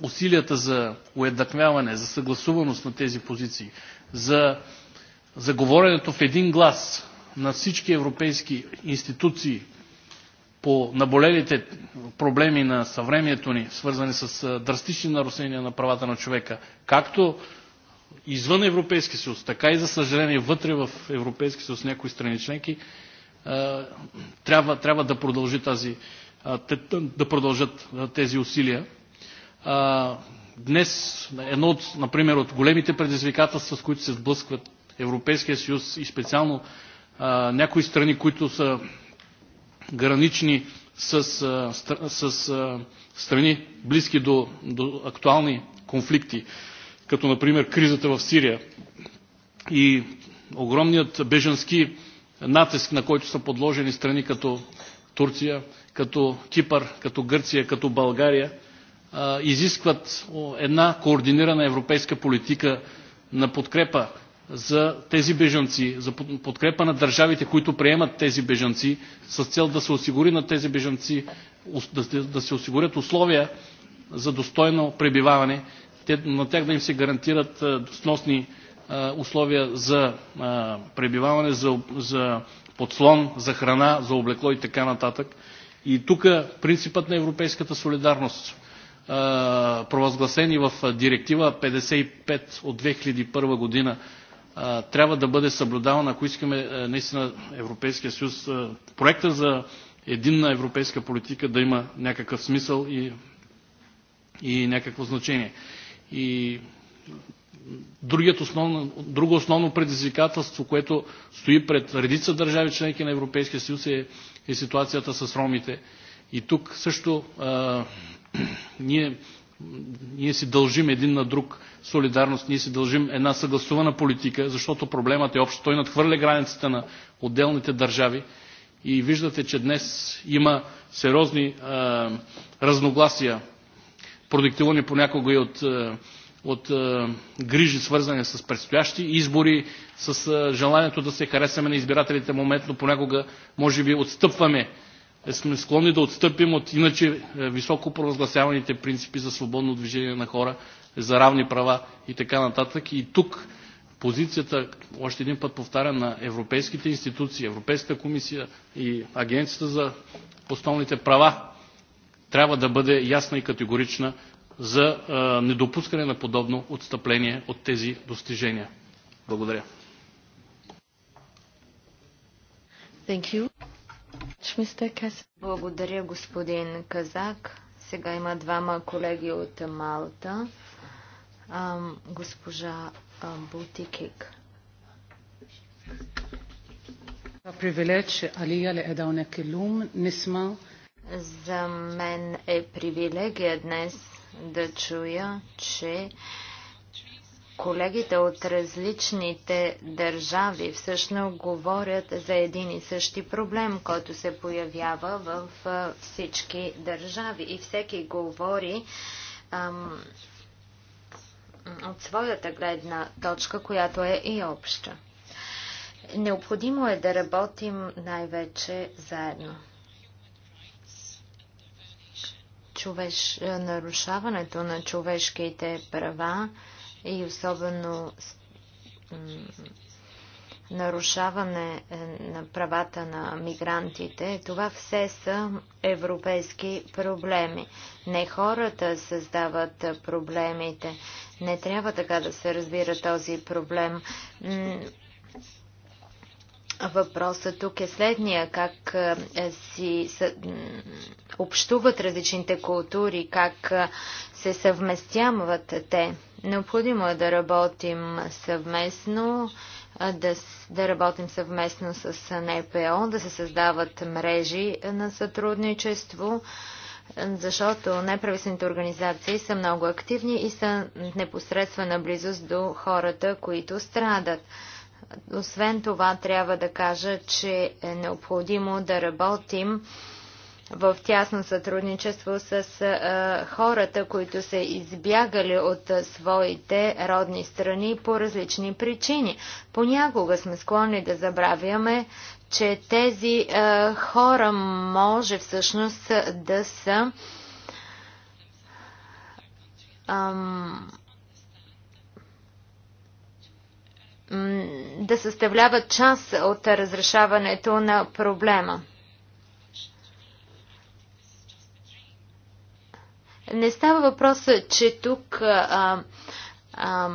усилията за уеднаквяване, за съгласуваност на тези позиции, за, заговоренето в един глас на всички европейски институции, по наболелите проблеми на съвремието ни, свързани с драстични нарушения на правата на човека, както извън Европейски съюз, така и за съжаление вътре в Европейски съюз някои страни членки, трябва, трябва да, продължи тази, да продължат тези усилия. Днес едно от, например, от големите предизвикателства, с които се сблъскват Европейския съюз и специално някои страни, които са гранични с, с, страни близки до, до актуални конфликти, като например кризата в Сирия и огромният беженски натиск, на който са подложени страни като Турция, като Кипър, като Гърция, като България, изискват една координирана европейска политика на подкрепа за тези бежанци, за подкрепа на държавите, които приемат тези бежанци, с цел да се осигури на тези бежанци, да се осигурят условия за достойно пребиваване, на тях да им се гарантират сносни условия за пребиваване, за, за подслон, за храна, за облекло и така нататък. И тук принципът на европейската солидарност, провъзгласени в директива 55 от 2001 година трябва да бъде съблюдаван, ако искаме наистина Европейския съюз, проекта за единна европейска политика да има някакъв смисъл и, и някакво значение. И другият основно, друго основно предизвикателство, което стои пред редица държави членки на Европейския съюз е, е ситуацията с ромите. И тук също а, ние ние си дължим един на друг солидарност, ние си дължим една съгласувана политика, защото проблемът е общ. Той надхвърля границите на отделните държави и виждате, че днес има сериозни а, разногласия, продиктивани понякога и от, от а, грижи, свързани с предстоящи избори, с а, желанието да се харесаме на избирателите моментно, понякога може би отстъпваме е, сме склонни да отстъпим от иначе е, високо провъзгласяваните принципи за свободно движение на хора, за равни права и така нататък. И тук позицията, още един път повтарям, на европейските институции, Европейската комисия и Агенцията за основните права трябва да бъде ясна и категорична за е, недопускане на подобно отстъпление от тези достижения. Благодаря. Thank you. Благодаря, господин Казак. Сега има двама колеги от Малта. Госпожа Бутикик. Е За мен е привилегия днес да чуя, че колегите от различните държави всъщност говорят за един и същи проблем, който се появява в всички държави. И всеки говори ам, от своята гледна точка, която е и обща. Необходимо е да работим най-вече заедно. Човеш... Нарушаването на човешките права и особено нарушаване е, на правата на мигрантите, това все са европейски проблеми. Не хората създават проблемите. Не трябва така да се разбира този проблем. Въпросът тук е следния. Как е, си общуват различните култури, как е, се съвместяват те. Необходимо е да работим съвместно, да, да работим съвместно с НПО, да се създават мрежи на сътрудничество, защото неправителствените организации са много активни и са непосредствена близост до хората, които страдат. Освен това, трябва да кажа, че е необходимо да работим в тясно сътрудничество с хората, които са избягали от своите родни страни по различни причини. Понякога сме склонни да забравяме, че тези хора може всъщност да са да съставляват част от разрешаването на проблема. Не става въпрос, че тук а, а,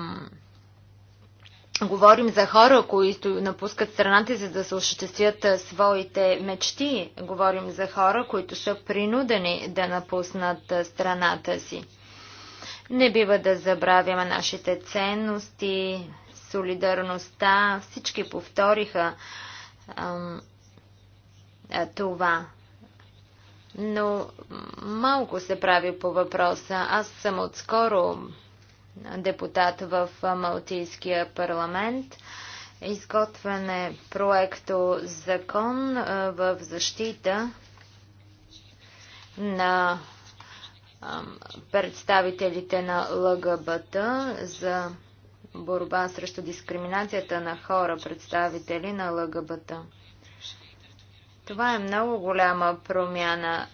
говорим за хора, които напускат страната, за да се осъществят своите мечти. Говорим за хора, които са принудени да напуснат страната си. Не бива да забравяме нашите ценности, солидарността. Всички повториха а, това но малко се прави по въпроса. Аз съм отскоро депутат в Малтийския парламент. Изготвен е проекто закон в защита на представителите на ЛГБТ за борба срещу дискриминацията на хора, представители на ЛГБТ. Това е много голяма промяна.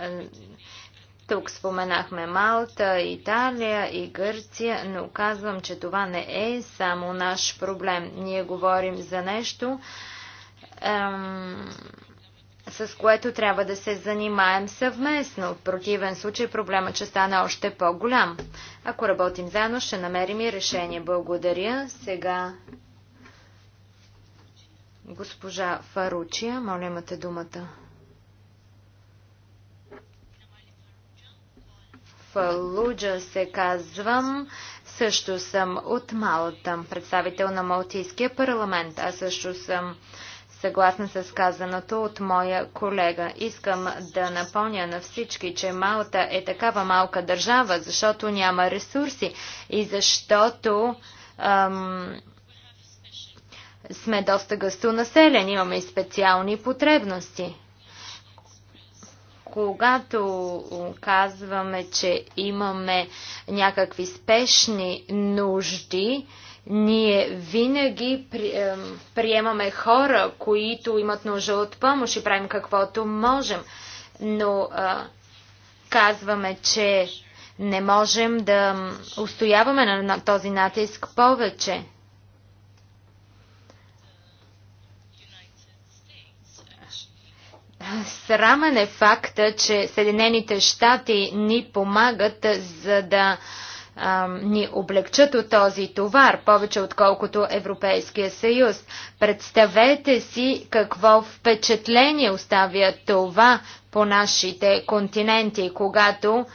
Тук споменахме Малта, Италия и Гърция, но казвам, че това не е само наш проблем. Ние говорим за нещо, ем, с което трябва да се занимаем съвместно. В противен случай проблема ще стане още по-голям. Ако работим заедно, ще намерим и решение. Благодаря. Сега Госпожа Фаручия, моля имате думата. Фалуджа се казвам. Също съм от Малта, представител на Малтийския парламент. Аз също съм съгласна с казаното от моя колега. Искам да напомня на всички, че Малта е такава малка държава, защото няма ресурси и защото ам, сме доста гъсто населени, имаме и специални потребности. Когато казваме, че имаме някакви спешни нужди, ние винаги приемаме хора, които имат нужда от помощ и правим каквото можем. Но казваме, че не можем да устояваме на, на този натиск повече. Срамен е факта, че Съединените щати ни помагат за да ни облегчат от този товар, повече отколкото Европейския съюз. Представете си какво впечатление оставя това по нашите континенти, когато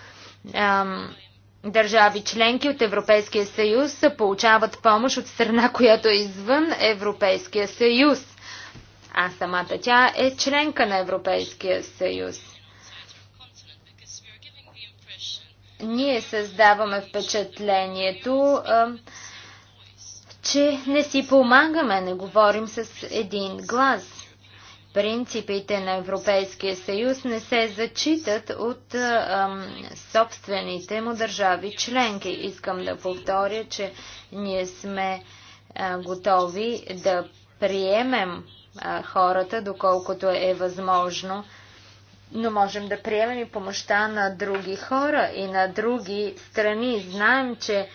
ам, държави членки от Европейския съюз получават помощ от страна, която е извън Европейския съюз. А самата. Тя е членка на Европейския съюз. Ние създаваме впечатлението, че не си помагаме, не говорим с един глас. Принципите на Европейския съюз не се зачитат от ам, собствените му държави членки. Искам да повторя, че ние сме а, готови да приемем хората, доколкото е възможно. Но можем да приемем и помощта на други хора и на други страни. Знаем, че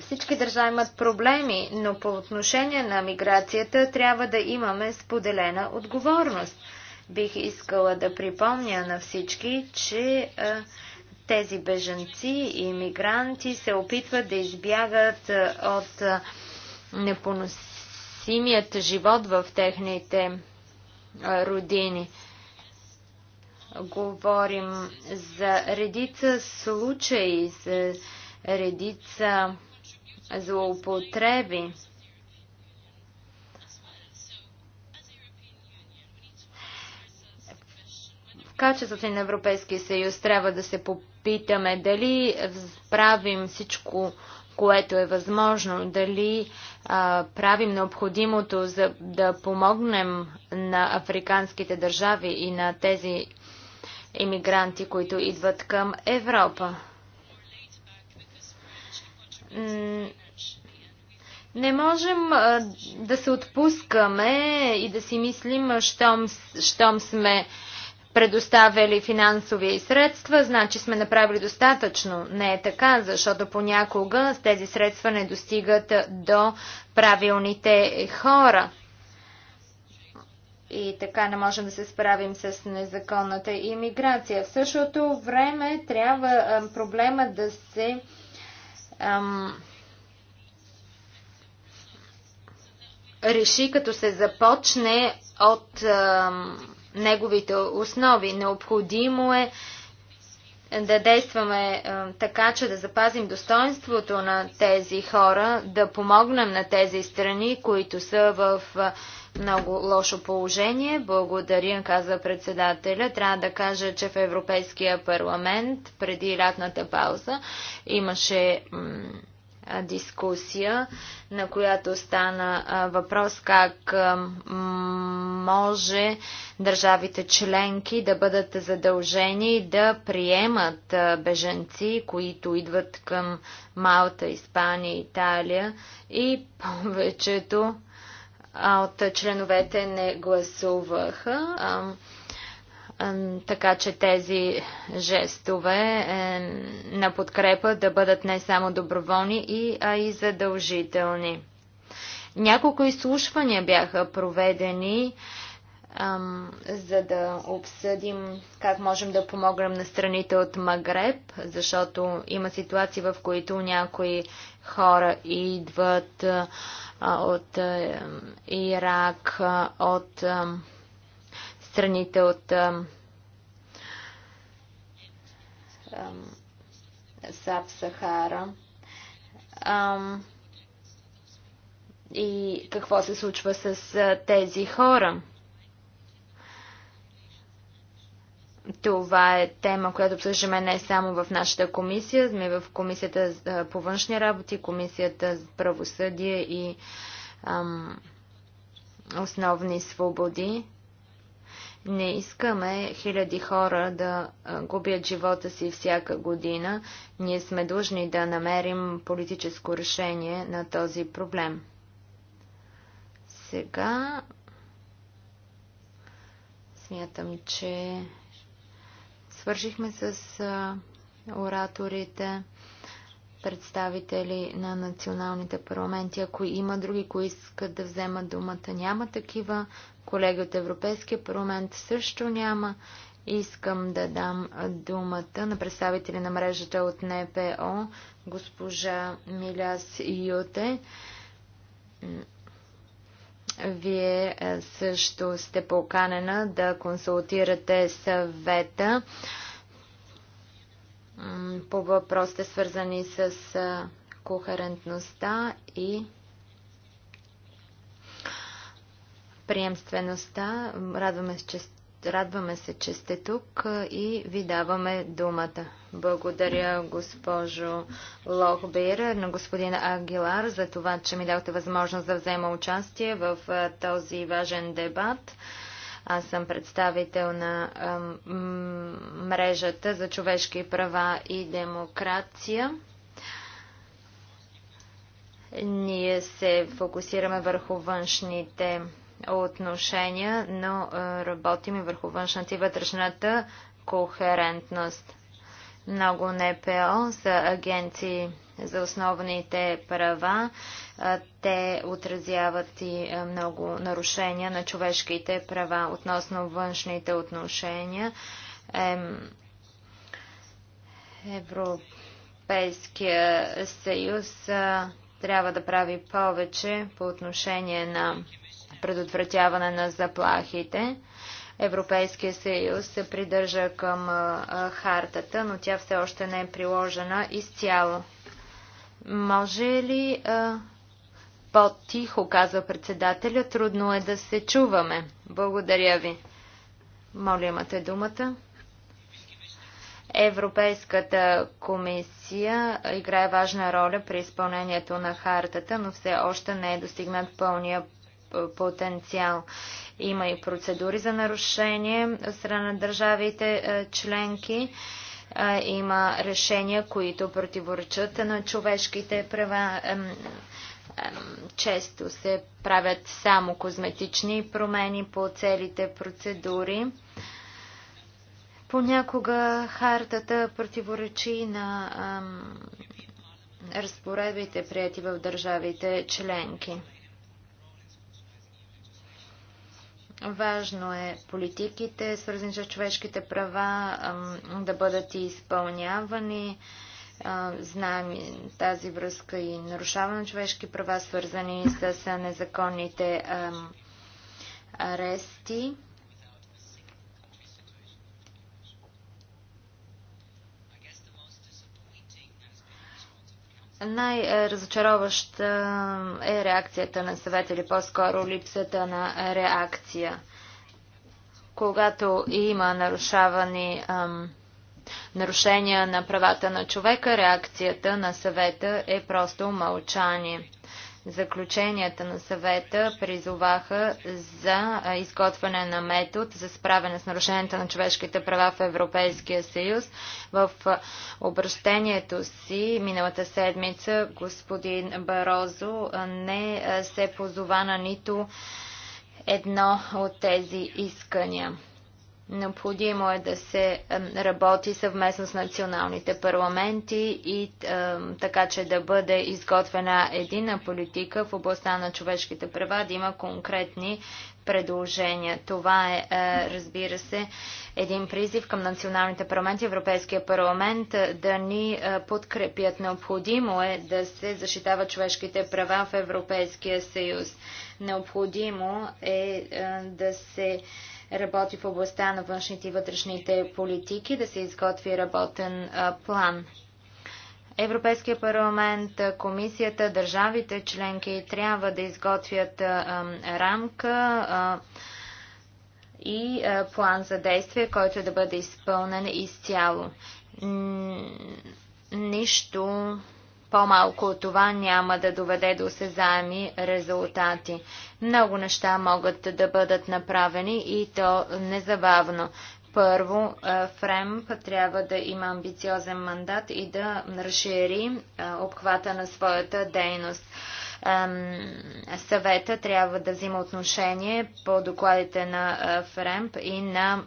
всички държави имат проблеми, но по отношение на миграцията трябва да имаме споделена отговорност. Бих искала да припомня на всички, че а, тези бежанци и мигранти се опитват да избягат от непоносимите самият живот в техните родини. Говорим за редица случаи, за редица злоупотреби. В качеството на Европейския съюз трябва да се попитаме дали правим всичко което е възможно, дали а, правим необходимото за да помогнем на африканските държави и на тези иммигранти, които идват към Европа. Не можем а, да се отпускаме и да си мислим, щом, щом сме предоставили финансови средства, значи сме направили достатъчно. Не е така, защото понякога с тези средства не достигат до правилните хора. И така не можем да се справим с незаконната иммиграция. В същото време трябва проблема да се ам, реши, като се започне от ам, неговите основи. Необходимо е да действаме е, така, че да запазим достоинството на тези хора, да помогнем на тези страни, които са в е, много лошо положение. Благодаря, каза председателя. Трябва да кажа, че в Европейския парламент преди лятната пауза имаше дискусия, на която стана въпрос как може държавите членки да бъдат задължени да приемат беженци, които идват към Малта, Испания, Италия и повечето от членовете не гласуваха така че тези жестове е, на подкрепа да бъдат не само доброволни, а и задължителни. Няколко изслушвания бяха проведени, за да обсъдим как можем да помогнем на страните от Магреб, защото има ситуации, в които някои хора идват от Ирак, от страните от Саб Сахара. И какво се случва с тези хора? Това е тема, която обсъждаме не само в нашата комисия, но и в комисията по външни работи, комисията за правосъдие и ам, основни свободи. Не искаме хиляди хора да губят живота си всяка година. Ние сме длъжни да намерим политическо решение на този проблем. Сега смятам, че свършихме с ораторите, представители на националните парламенти. Ако има други, които искат да вземат думата, няма такива. Колеги от Европейския парламент също няма. Искам да дам думата на представители на мрежата от НПО, госпожа Миляс Юте. Вие е, също сте поканена да консултирате съвета по въпросите свързани с е, кохерентността и приемствеността. Радваме се, че, радваме се, че сте тук и ви даваме думата. Благодаря, госпожо Лохбер, на господин Агилар, за това, че ми дадохте възможност да взема участие в този важен дебат. Аз съм представител на мрежата за човешки права и демокрация. Ние се фокусираме върху външните отношения, но работим и върху външната и вътрешната кохерентност. Много НПО са агенции за основните права. Те отразяват и много нарушения на човешките права относно външните отношения. Европейския съюз трябва да прави повече по отношение на предотвратяване на заплахите. Европейския съюз се придържа към хартата, но тя все още не е приложена изцяло. Може ли по-тихо, казва председателя, трудно е да се чуваме. Благодаря ви. Моля, имате думата. Европейската комисия играе важна роля при изпълнението на хартата, но все още не е достигнат пълния потенциал. Има и процедури за нарушение от страна на държавите е, членки. Е, има решения, които противоречат на човешките права. Често се правят само козметични промени по целите процедури. Понякога хартата противоречи на разпоредбите, прияти в държавите членки. Важно е политиките, свързани с човешките права, да бъдат и изпълнявани. Знаем тази връзка и нарушаване на човешки права, свързани с незаконните арести. Най-разочароваща е реакцията на съвет или по-скоро липсата на реакция. Когато има нарушавани ам, нарушения на правата на човека, реакцията на съвета е просто мълчание. Заключенията на съвета призоваха за изготвяне на метод за справяне с нарушенията на човешките права в Европейския съюз. В обращението си миналата седмица господин Барозо не се позова на нито едно от тези искания. Необходимо е да се работи съвместно с националните парламенти и така, че да бъде изготвена едина политика в областта на човешките права, да има конкретни предложения. Това е, е разбира се, един призив към националните парламенти, Европейския парламент е, да ни е, подкрепят. Необходимо е да се защитава човешките права в Европейския съюз. Необходимо е да се работи в областта на външните и вътрешните политики, да се изготви работен план. Европейския парламент, комисията, държавите членки трябва да изготвят рамка и план за действие, който да бъде изпълнен изцяло. Нищо по-малко от това няма да доведе до осезаеми резултати. Много неща могат да бъдат направени и то незабавно. Първо, е, ФРЕМП трябва да има амбициозен мандат и да разшири е, обхвата на своята дейност. Съвета трябва да взима отношение по докладите на е, ФРЕМП и на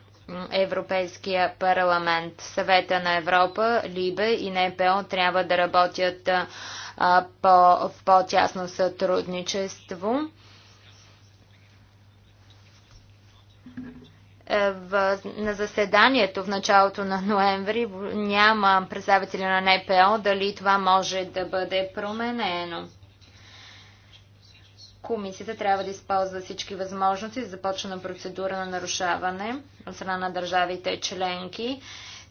Европейския парламент, Съвета на Европа, Либе и НПО трябва да работят а, по, в по-тясно сътрудничество. Е, в, на заседанието в началото на ноември няма представители на НПО, дали това може да бъде променено. Комисията трябва да използва всички възможности за започване процедура на нарушаване от страна на държавите членки.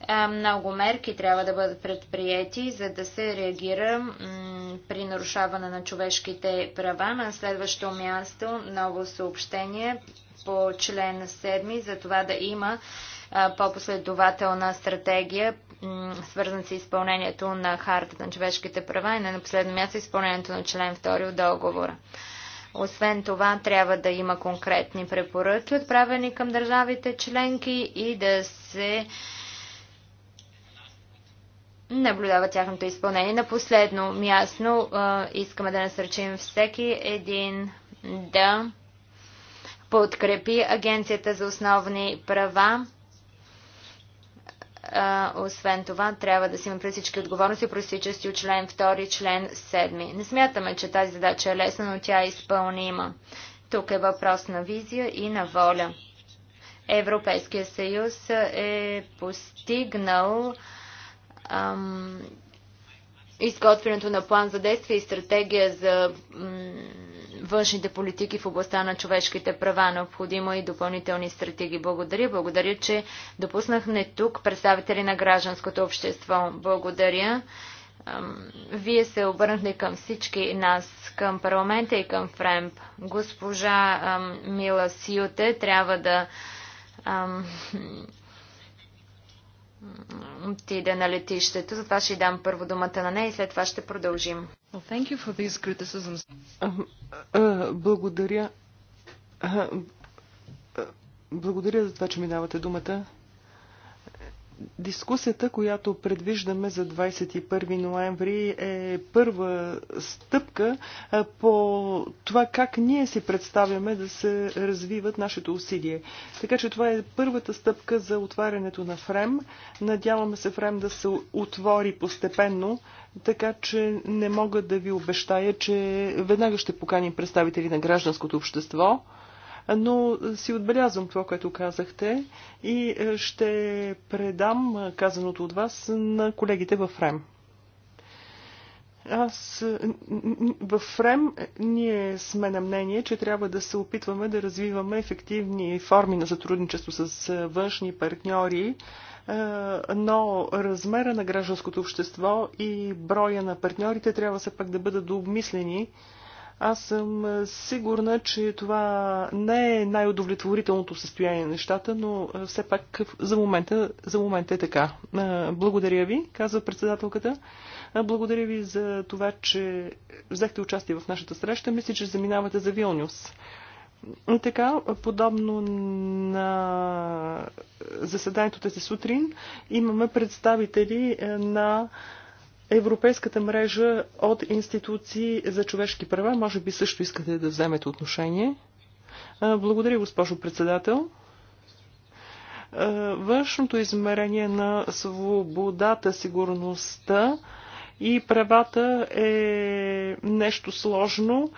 Е, много мерки трябва да бъдат предприяти, за да се реагира при нарушаване на човешките права. На следващо място ново съобщение по член 7 за това да има е, по-последователна стратегия, свързана с изпълнението на Хартата на човешките права и не на последно място изпълнението на член 2 от договора. Освен това, трябва да има конкретни препоръки, отправени към държавите членки и да се наблюдава тяхното изпълнение. На последно място искаме да насърчим всеки един да подкрепи Агенцията за основни права а, освен това, трябва да си има при всички отговорности, проистичащи от член 2, член 7. Не смятаме, че тази задача е лесна, но тя е изпълнима. Тук е въпрос на визия и на воля. Европейския съюз е постигнал ам, изготвянето на план за действие и стратегия за м, външните политики в областта на човешките права. Необходимо и допълнителни стратегии. Благодаря. Благодаря, че допуснахме тук представители на гражданското общество. Благодаря. Вие се обърнахте към всички нас, към парламента и към ФРЕМП. Госпожа Мила Сиоте трябва да отиде на летището. Затова ще дам първо думата на нея и след това ще продължим. Well, Благодаря. Благодаря за това, че ми давате думата. Дискусията, която предвиждаме за 21 ноември е първа стъпка по това как ние си представяме да се развиват нашето усилие. Така че това е първата стъпка за отварянето на ФРЕМ. Надяваме се ФРЕМ да се отвори постепенно, така че не мога да ви обещая, че веднага ще поканим представители на гражданското общество но си отбелязвам това, което казахте и е, ще предам казаното от вас на колегите в РЕМ. Аз е, в РЕМ е, ние сме на мнение, че трябва да се опитваме да развиваме ефективни форми на сътрудничество с външни партньори, но размера на гражданското общество и броя на партньорите трябва все пак да бъдат дообмислени. Да аз съм сигурна, че това не е най-удовлетворителното състояние на нещата, но все пак за момента, за момента е така. Благодаря ви, казва председателката. Благодаря ви за това, че взехте участие в нашата среща. Мисля, че заминавате за Вилнюс. Така, подобно на заседанието тези сутрин, имаме представители на Европейската мрежа от институции за човешки права. Може би също искате да вземете отношение. Благодаря, госпожо председател. Външното измерение на свободата, сигурността и правата е нещо сложно.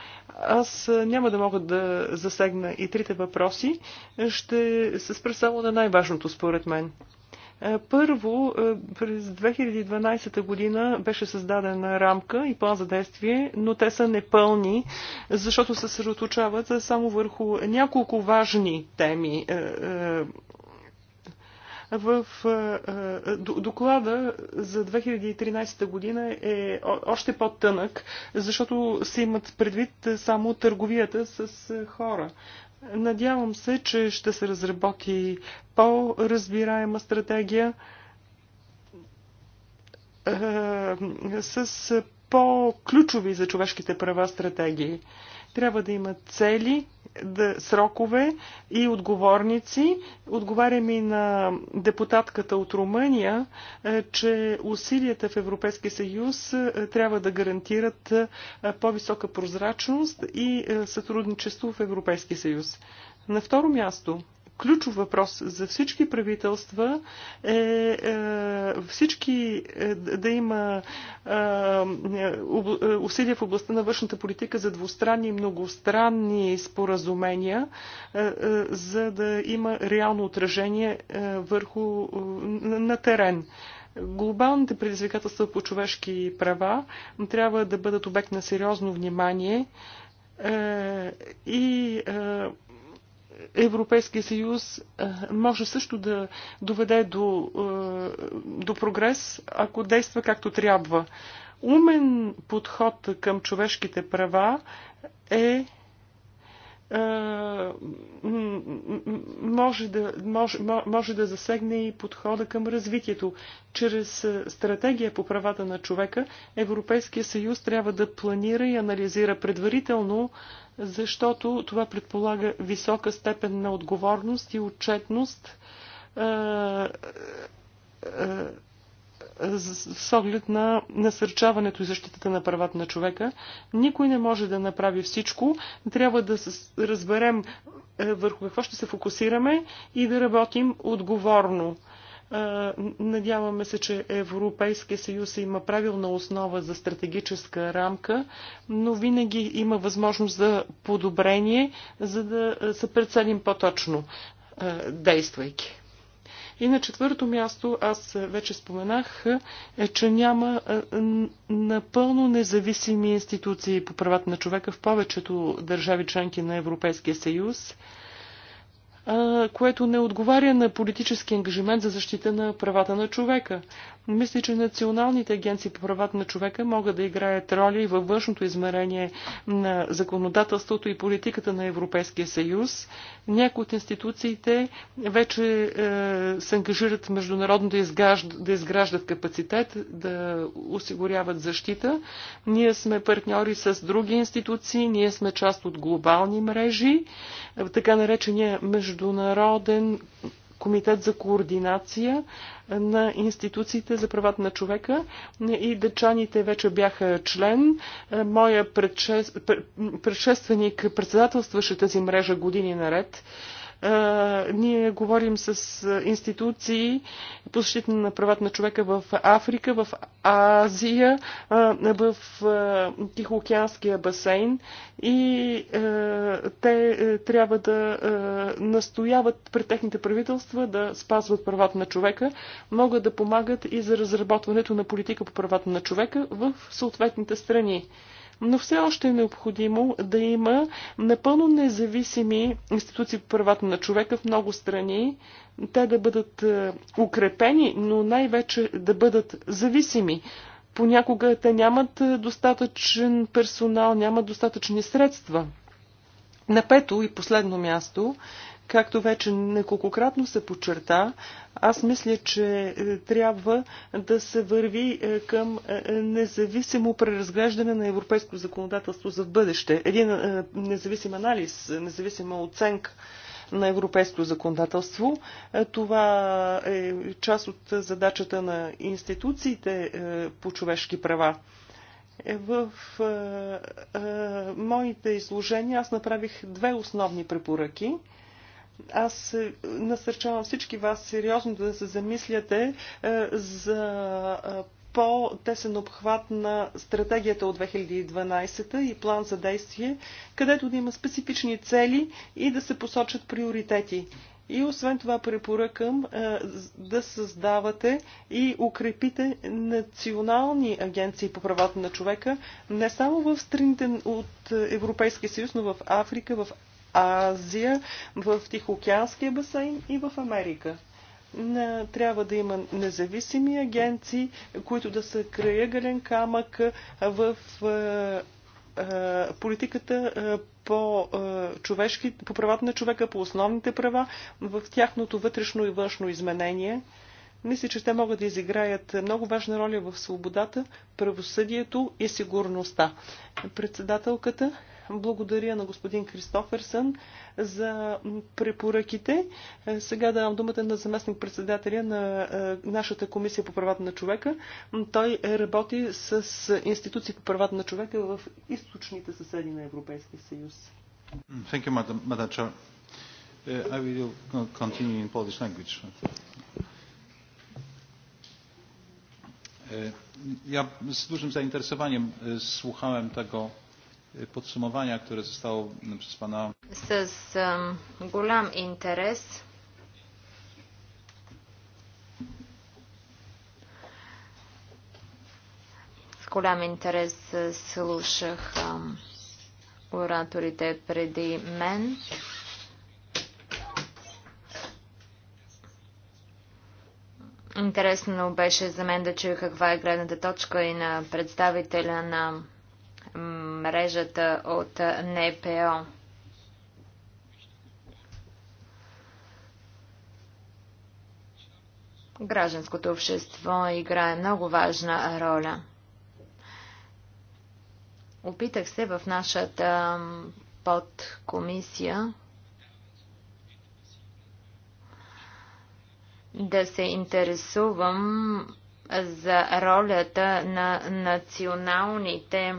Аз няма да мога да засегна и трите въпроси. Ще се спра само на най-важното, според мен. Е, първо, е, през 2012 година беше създадена рамка и план за действие, но те са непълни, защото се съсредоточават само върху няколко важни теми е, в доклада за 2013 година е още по-тънък, защото се имат предвид само търговията с хора. Надявам се, че ще се разработи по-разбираема стратегия е, с по-ключови за човешките права стратегии. Трябва да има цели, да, срокове и отговорници. Отговарям и на депутатката от Румъния, е, че усилията в Европейския съюз е, трябва да гарантират е, по-висока прозрачност и сътрудничество в Европейския съюз. На второ място, ключов въпрос за всички правителства е, е всички е, да има е, е, об, е, усилия в областта на външната политика за двустранни и многостранни споразумения, е, е, за да има реално отражение е, върху е, на терен. Глобалните предизвикателства по човешки права трябва да бъдат обект на сериозно внимание е, и е, Европейския съюз е, може също да доведе до, е, до прогрес, ако действа както трябва. Умен подход към човешките права е може да, може, може да засегне и подхода към развитието. Чрез стратегия по правата на човека Европейския съюз трябва да планира и анализира предварително, защото това предполага висока степен на отговорност и отчетност с оглед на насърчаването и защитата на правата на човека. Никой не може да направи всичко. Трябва да разберем е, върху какво ще се фокусираме и да работим отговорно. Е, надяваме се, че Европейския съюз има правилна основа за стратегическа рамка, но винаги има възможност за подобрение, за да е, се прецелим по-точно, действайки. И на четвърто място, аз вече споменах, е, че няма е, напълно независими институции по правата на човека в повечето държави членки на Европейския съюз което не отговаря на политически ангажимент за защита на правата на човека. Мисля, че националните агенции по правата на човека могат да играят роли и във външното измерение на законодателството и политиката на Европейския съюз. Някои от институциите вече е, се ангажират международно да изграждат, да изграждат капацитет, да осигуряват защита. Ние сме партньори с други институции, ние сме част от глобални мрежи, така наречения между Международен комитет за координация на институциите за правата на човека и дъчаните вече бяха член. Моя предшественик председателстваше тази мрежа години наред. Е, ние говорим с е, институции по защита на правата на човека в Африка, в Азия, е, в Тихоокеанския басейн и те трябва да настояват пред техните правителства да спазват правата на човека, могат да помагат и за разработването на политика по правата на човека в съответните страни но все още е необходимо да има напълно независими институции по правата на човека в много страни, те да бъдат е, укрепени, но най-вече да бъдат зависими. Понякога те нямат е, достатъчен персонал, нямат достатъчни средства. На пето и последно място Както вече неколкократно се подчерта, аз мисля, че е, трябва да се върви е, към е, независимо преразглеждане на европейско законодателство за бъдеще. Един независим анализ, независима оценка на европейското законодателство. Това е част от задачата на институциите по човешки права. В моите изложения аз направих две основни препоръки – аз насърчавам всички вас сериозно да се замисляте е, за е, по-тесен обхват на стратегията от 2012 и план за действие, където да има специфични цели и да се посочат приоритети. И освен това препоръкам е, да създавате и укрепите национални агенции по правата на човека не само в страните от Европейския съюз, но в Африка, в Азия, в Тихоокеанския басейн и в Америка. Трябва да има независими агенции, които да са края гален камък в е, е, политиката е, по, човешки, по правата на човека, по основните права, в тяхното вътрешно и външно изменение. Мисля, че те могат да изиграят много важна роля в свободата, правосъдието и сигурността. Председателката благодаря на господин Кристоферсън за препоръките. Е, сега давам думата на заместник председателя на е, нашата комисия по правата на човека. Той работи с институции по правата на човека в източните съседи на Европейския съюз. Thank you, Madam, Madam Chair. Uh, I will continue in Polish language. Ja е, z dużym zainteresowaniem e, słuchałem tego подсумования, które zostało с пана. С голям интерес с голям интерес е, слушах ораторите преди мен. Интересно беше за мен да чуя каква е гледната точка и на представителя на мрежата от НПО. Гражданското общество играе много важна роля. Опитах се в нашата подкомисия да се интересувам за ролята на националните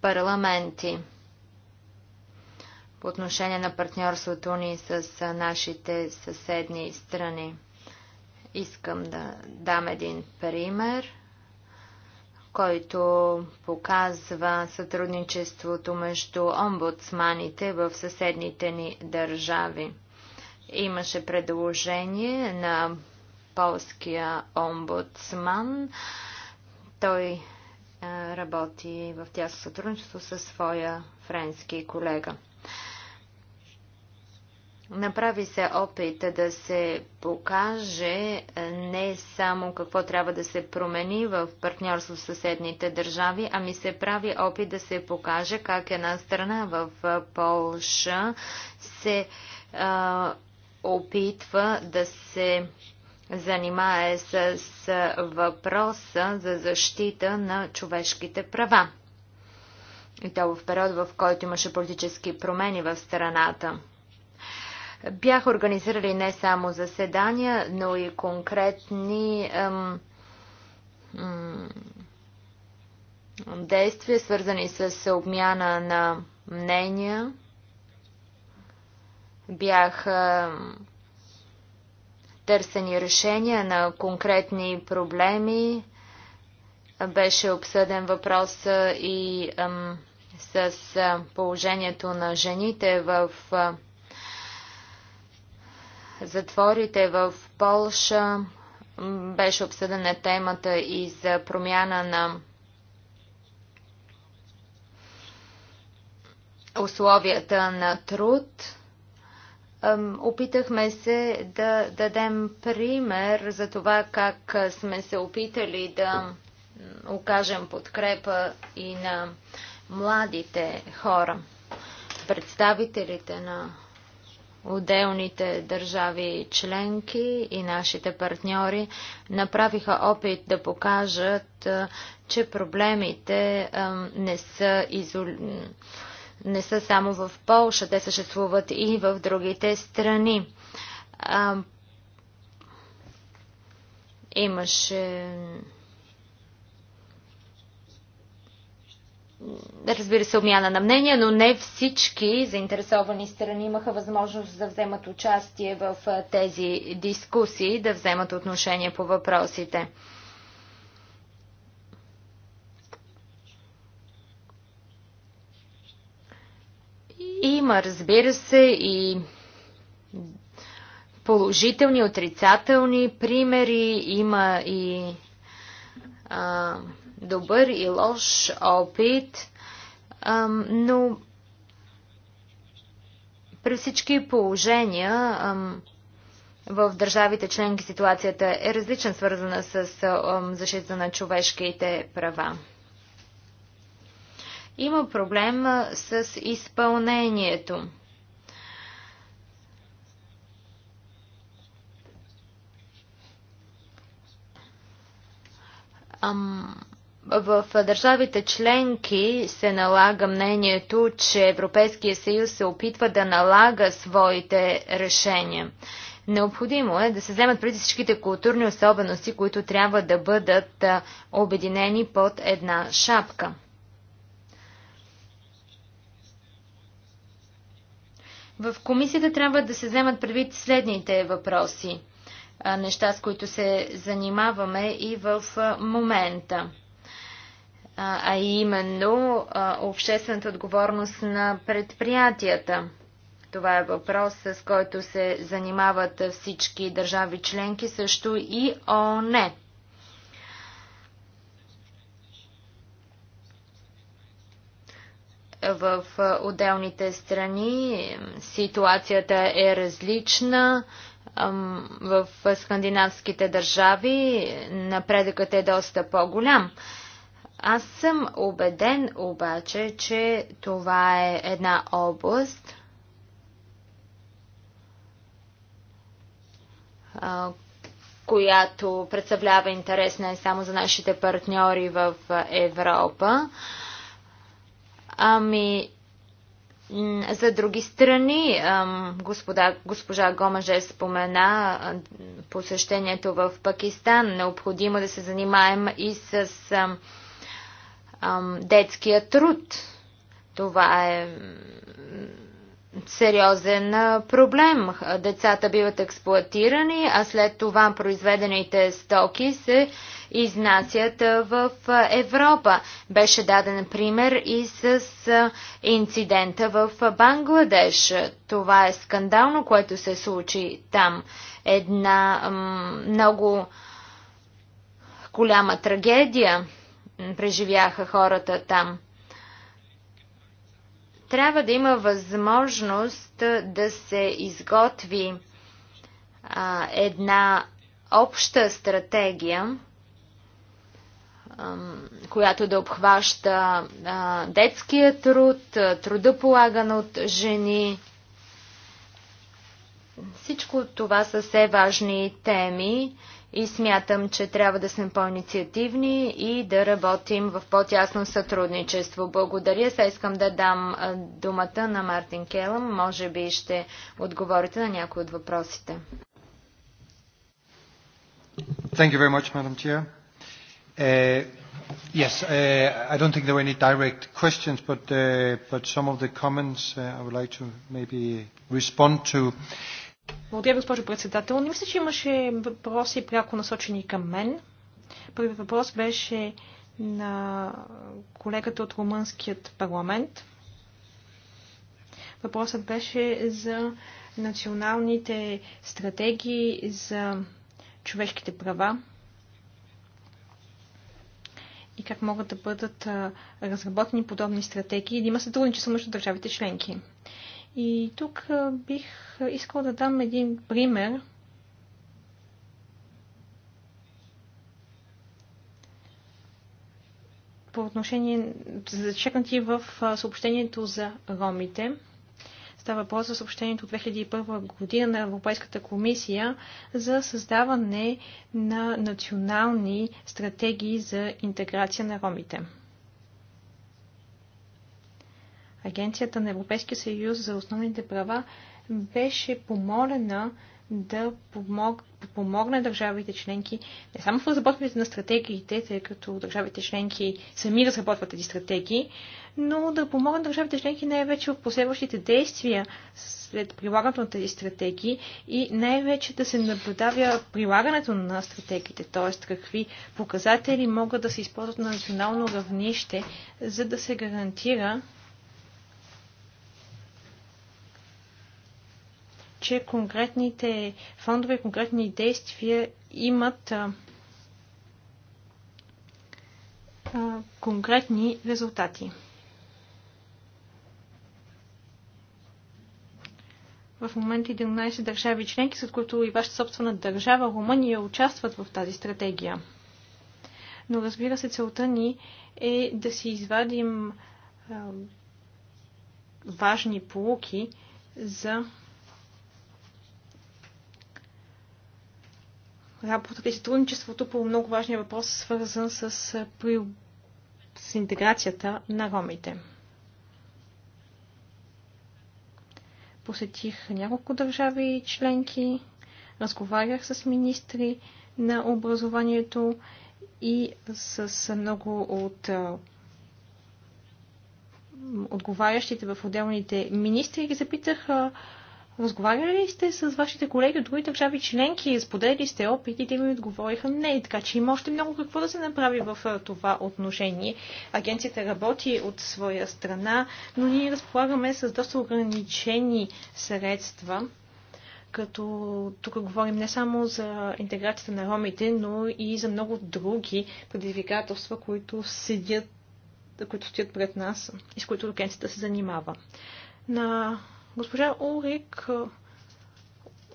парламенти по отношение на партньорството ни с нашите съседни страни. Искам да дам един пример, който показва сътрудничеството между омбудсманите в съседните ни държави. Имаше предложение на полския омбудсман. Той работи в тясно сътрудничество със своя френски колега. Направи се опит да се покаже не само какво трябва да се промени в партньорство с съседните държави, ами се прави опит да се покаже как една страна в Полша се а, опитва да се занимае с въпроса за защита на човешките права. И то в период, в който имаше политически промени в страната. Бях организирали не само заседания, но и конкретни ем, ем, действия, свързани с обмяна на мнения. Бях. ем, търсени решения на конкретни проблеми. Беше обсъден въпрос и с положението на жените в затворите в Полша. Беше обсъдена темата и за промяна на условията на труд. Опитахме се да дадем пример за това как сме се опитали да окажем подкрепа и на младите хора. Представителите на отделните държави членки и нашите партньори направиха опит да покажат, че проблемите не са изолирани не са само в Полша, те съществуват и в другите страни. А, имаше. Разбира се, обмяна на мнение, но не всички заинтересовани страни имаха възможност да вземат участие в тези дискусии, да вземат отношение по въпросите. Има, разбира се, и положителни, отрицателни примери, има и а, добър и лош опит, а, но при всички положения а, в държавите членки ситуацията е различна, свързана с а, защита на човешките права. Има проблем с изпълнението. Ам, в държавите членки се налага мнението, че Европейския съюз се опитва да налага своите решения. Необходимо е да се вземат преди всичките културни особености, които трябва да бъдат обединени под една шапка. В комисията трябва да се вземат предвид следните въпроси, неща с които се занимаваме и в момента а именно обществената отговорност на предприятията. Това е въпрос, с който се занимават всички държави членки, също и ООН. в отделните страни. Ситуацията е различна. В скандинавските държави напредъкът е доста по-голям. Аз съм убеден обаче, че това е една област, която представлява интерес не само за нашите партньори в Европа, Ами, за други страни, господа, госпожа Гомаже спомена посещението в Пакистан. Необходимо да се занимаем и с детския труд. Това е сериозен проблем. Децата биват експлуатирани, а след това произведените стоки се изнасят в Европа. Беше даден пример и с инцидента в Бангладеш. Това е скандално, което се случи там. Една много голяма трагедия преживяха хората там. Трябва да има възможност да се изготви а, една обща стратегия, която да обхваща детския труд, труда полаган от жени. Всичко това са все важни теми и смятам, че трябва да сме по-инициативни и да работим в по-тясно сътрудничество. Благодаря. Сега искам да дам думата на Мартин Келъм. Може би ще отговорите на някои от въпросите. Thank you very much, Madam Chair. Uh, yes, uh, I don't think there were any direct questions, but, uh, but some of the comments uh, I would like to maybe respond to. Uh, благодаря, госпожо председател. Не мисля, че имаше въпроси пряко насочени към мен. Първият въпрос беше на колегата от Румънският парламент. Въпросът беше за националните стратегии за човешките права и как могат да бъдат разработени подобни стратегии и да има сътрудничество между държавите членки. И тук бих искал да дам един пример. по отношение, зачекнати в съобщението за ромите. Става въпрос за съобщението от 2001 година на Европейската комисия за създаване на национални стратегии за интеграция на ромите. Агенцията на Европейския съюз за основните права беше помолена да помог, помогне държавите членки не само в разработването на стратегиите, тъй като държавите членки сами разработват тези стратегии, но да помогне държавите членки най-вече в последващите действия след прилагането на тези стратегии и най-вече да се наблюдава прилагането на стратегиите, т.е. какви показатели могат да се използват на национално равнище, за да се гарантира че конкретните фондове, конкретни действия имат а, а, конкретни резултати. В момента 11 държави членки, с които и вашата собствена държава, Румъния, участват в тази стратегия. Но разбира се, целта ни е да си извадим а, важни полуки за работата и сътрудничеството по много важния въпрос, свързан с, с, с интеграцията на ромите. Посетих няколко държави и членки, разговарях с министри на образованието и с много от отговарящите в отделните министри ги запитаха Разговаряли ли сте с вашите колеги от другите държави членки? Споделили сте опити, те ви отговориха не. Така че има още много какво да се направи в това отношение. Агенцията работи от своя страна, но ние разполагаме с доста ограничени средства като тук говорим не само за интеграцията на ромите, но и за много други предизвикателства, които седят, които стоят пред нас и с които агенцията се занимава. На Госпожа Урик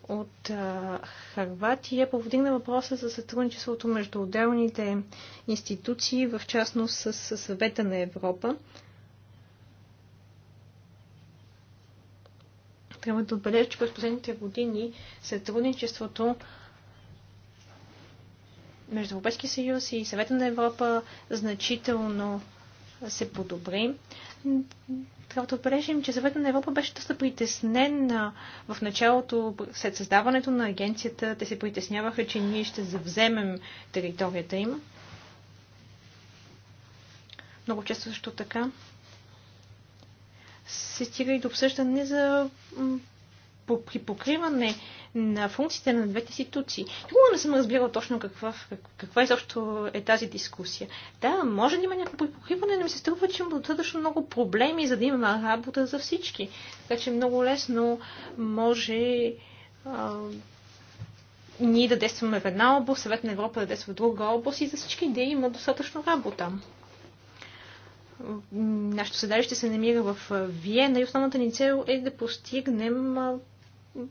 от Харватия повдигна въпроса за сътрудничеството между отделните институции, в частност с, с Съвета на Европа. Трябва да отбележа, че през последните години сътрудничеството между Европейския съюз и Съвета на Европа значително се подобри. Трябва да отбележим, че Съветът на Европа беше доста притеснен в началото, след създаването на агенцията. Те се притесняваха, че ние ще завземем територията им. Много често също така се стига и до обсъждане за при покриване на функциите на двете институции. Никога не съм разбирала точно каква, каква изобщо е тази дискусия. Да, може да има някакво припокриване, но ми се струва, че има достатъчно много проблеми, за да има работа за всички. Така че много лесно може а, ние да действаме в една област, Съвет на Европа да действа в друга област и за всички идеи има достатъчно работа. Нашето седалище се намира в Виена и основната ни цел е да постигнем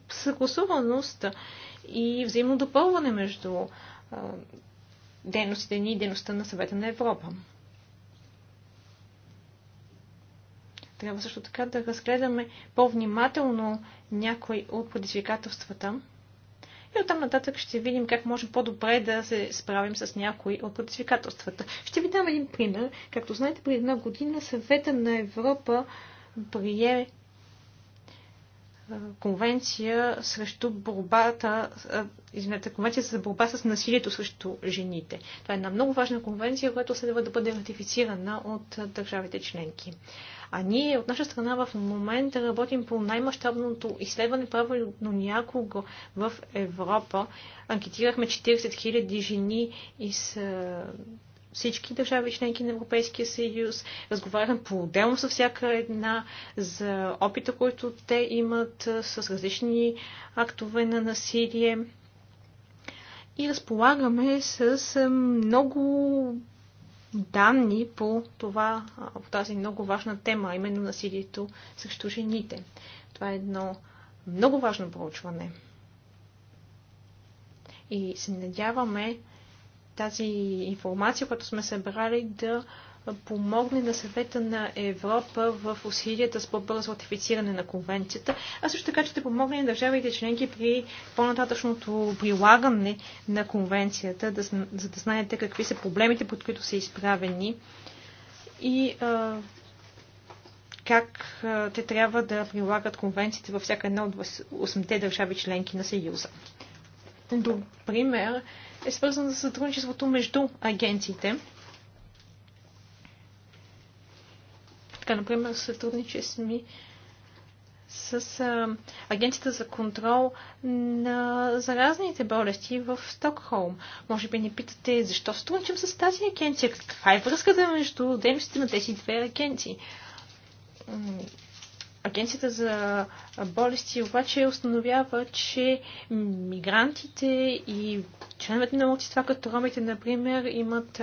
съгласуваност и взаимно допълване между дейностите ни и дейността на съвета на Европа. Трябва също така да разгледаме по-внимателно някои от предизвикателствата. И оттам нататък ще видим как можем по-добре да се справим с някои от предизвикателствата. Ще ви дам един пример. Както знаете, преди една година съвета на Европа прие конвенция срещу борбата, извинете, конвенция за борба с насилието срещу жените. Това е една много важна конвенция, която следва да бъде ратифицирана от държавите членки. А ние от наша страна в момента работим по най-мащабното изследване, правилно някого в Европа. Анкетирахме 40 000 жени из всички държави членки на Европейския съюз. Разговарям по-отделно с всяка една за опита, който те имат с различни актове на насилие. И разполагаме с много данни по, това, по тази много важна тема, а именно насилието срещу жените. Това е едно много важно проучване. И се надяваме тази информация, която сме събрали, да помогне на съвета на Европа в усилията с по-бързо ратифициране на конвенцията, а също така ще помогне на държавите членки при по-нататъчното прилагане на конвенцията, да, за да знаете какви са проблемите, под които са изправени и а, как а, те трябва да прилагат конвенциите във всяка една от 8-те държави членки на Съюза. Пример е свързан с сътрудничеството между агенциите. Така, например, с ми с а, Агенцията за контрол на заразните болести в Стокхолм. Може би ни питате, защо сътрудничам с тази агенция? Каква е връзката между дейностите на тези две агенции? Агенцията за болести обаче установява, че мигрантите и членовете на младсинства, като ромите, например, имат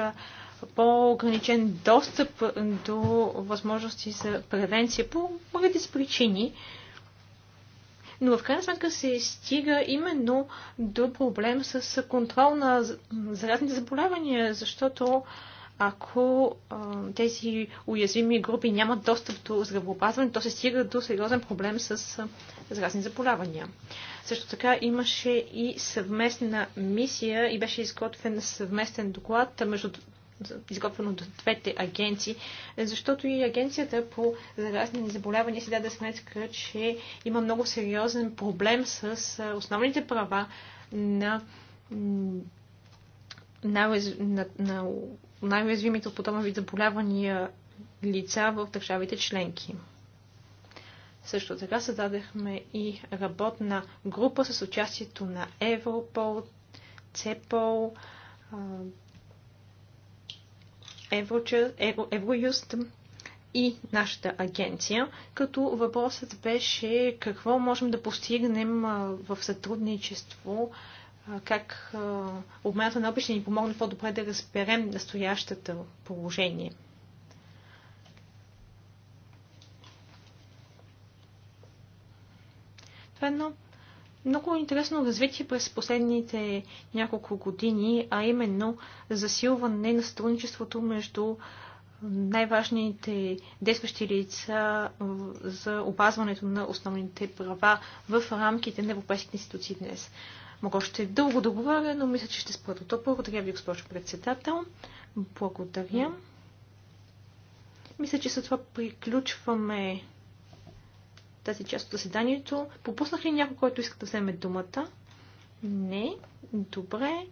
по-ограничен достъп до възможности за превенция по с причини. Но в крайна сметка се стига именно до проблем с контрол на заразните заболявания, защото ако а, тези уязвими групи нямат достъп до здравеопазване, то се стига до сериозен проблем с а, заболявания. Също така имаше и съвместна мисия и беше изготвен съвместен доклад между изготвен от двете агенции, защото и агенцията по заразни заболявания си даде сметка, че има много сериозен проблем с основните права на, на, на, на най-уязвимите от подобен вид заболявания лица в държавите членки. Също така създадахме и работна група с участието на Европол, ЦЕПОЛ, Евроюст и нашата агенция, като въпросът беше какво можем да постигнем в сътрудничество как обмяната на опит ще ни помогне по-добре да разберем настоящото положение. Това е едно много интересно развитие през последните няколко години, а именно засилване на сътрудничеството между най-важните действащи лица за опазването на основните права в рамките на европейските институции днес. Мога още дълго да говоря, но мисля, че ще спра до тук. Благодаря ви, госпожо председател. Благодаря. Мисля, че с това приключваме тази част от заседанието. Попуснах ли някой, който иска да вземе думата? Не. Добре.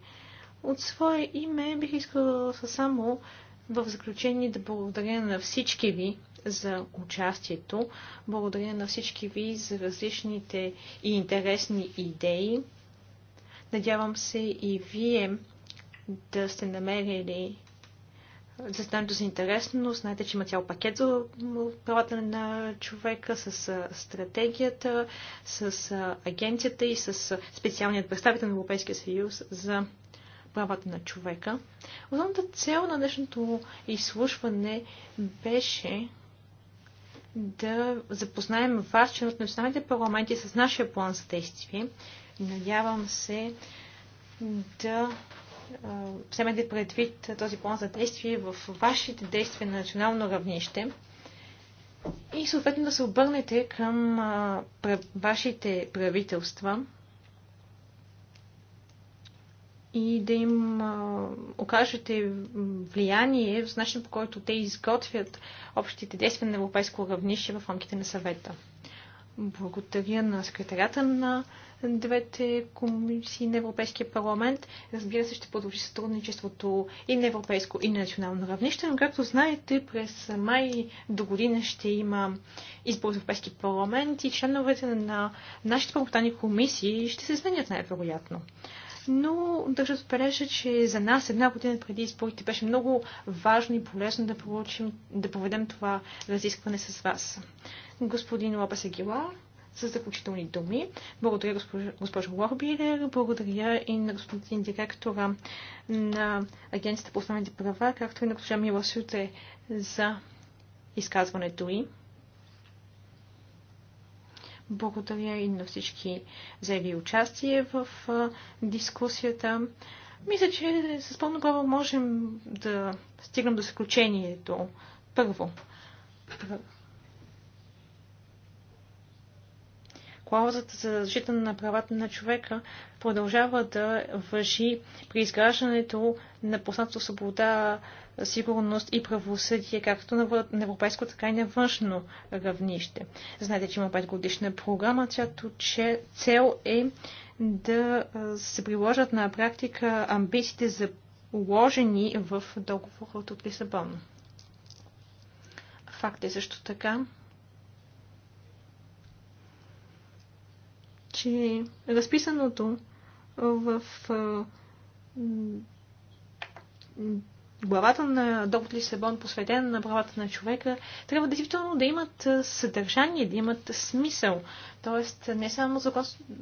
От свое име бих искала само в заключение да благодаря на всички ви за участието. Благодаря на всички ви за различните и интересни идеи. Надявам се и вие да сте намерили стането си интересно. Знаете, че има цял пакет за правата на човека с стратегията, с агенцията и с специалният представител на Европейския съюз за правата на човека. Основната цел на днешното изслушване беше да запознаем вас, членовете на националните парламенти, с нашия план за действие, Надявам се да вземете предвид този план за действие в вашите действия на национално равнище и съответно да се обърнете към вашите правителства и да им окажете влияние в начин по който те изготвят общите действия на европейско равнище в рамките на съвета. Благодаря на секретарята на двете комисии на Европейския парламент. Разбира се, ще продължи сътрудничеството и на европейско, и на национално равнище, но както знаете, през май до година ще има избор за Европейски парламент и членовете на нашите парламентарни комисии ще се сменят най-вероятно но държа да отбележа, че за нас една година преди изборите беше много важно и полезно да, получим, да проведем това разискване с вас. Господин Лопес Агила, с заключителни думи. Благодаря госпожо, госпожо Лорбилер, благодаря и на господин директора на Агенцията по основните права, както и на госпожа Мила Сюте за изказването и. Благодаря и на всички заяви участие в дискусията. Мисля, че с пълно право можем да стигнем до заключението. Първо, клаузата за защита на правата на човека продължава да въжи при изграждането на познато свобода, сигурност и правосъдие, както на европейско, така и на външно равнище. Знаете, че има 5 годишна програма, чиято цел е да се приложат на практика амбициите за уложени в договора от Лисабон. Факт е също така, че разписаното в главата на Доктор Лисабон, посветена на правата на човека, трябва действително да имат съдържание, да имат смисъл. Тоест, не само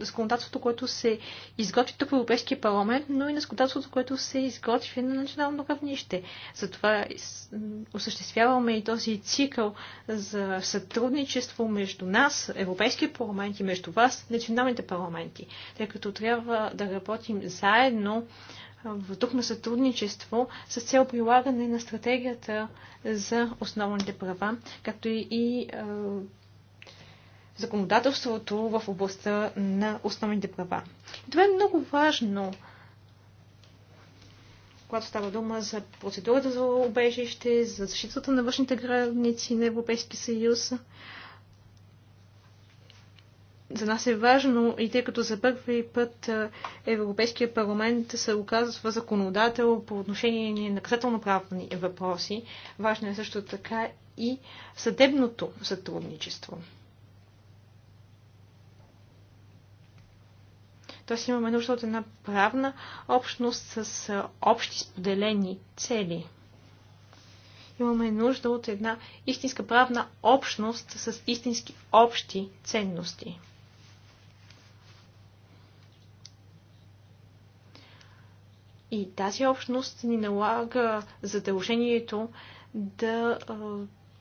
законодателството, което се изготви тук в Европейския парламент, но и на законодателството, което се изготви на национално равнище. Затова осъществяваме и този цикъл за сътрудничество между нас, Европейския парламент и между вас, националните парламенти, тъй като трябва да работим заедно в дух на сътрудничество с цел прилагане на стратегията за основните права, както и законодателството в областта на основните права. Това е много важно, когато става дума за процедурата за убежище, за защитата на външните граници на Европейския съюз, за нас е важно и тъй като за първи път Европейския парламент се оказва законодател по отношение на наказателно-правни въпроси, важно е също така и съдебното сътрудничество. Тоест имаме нужда от една правна общност с общи споделени цели. Имаме нужда от една истинска правна общност с истински общи ценности. И тази общност ни налага задължението да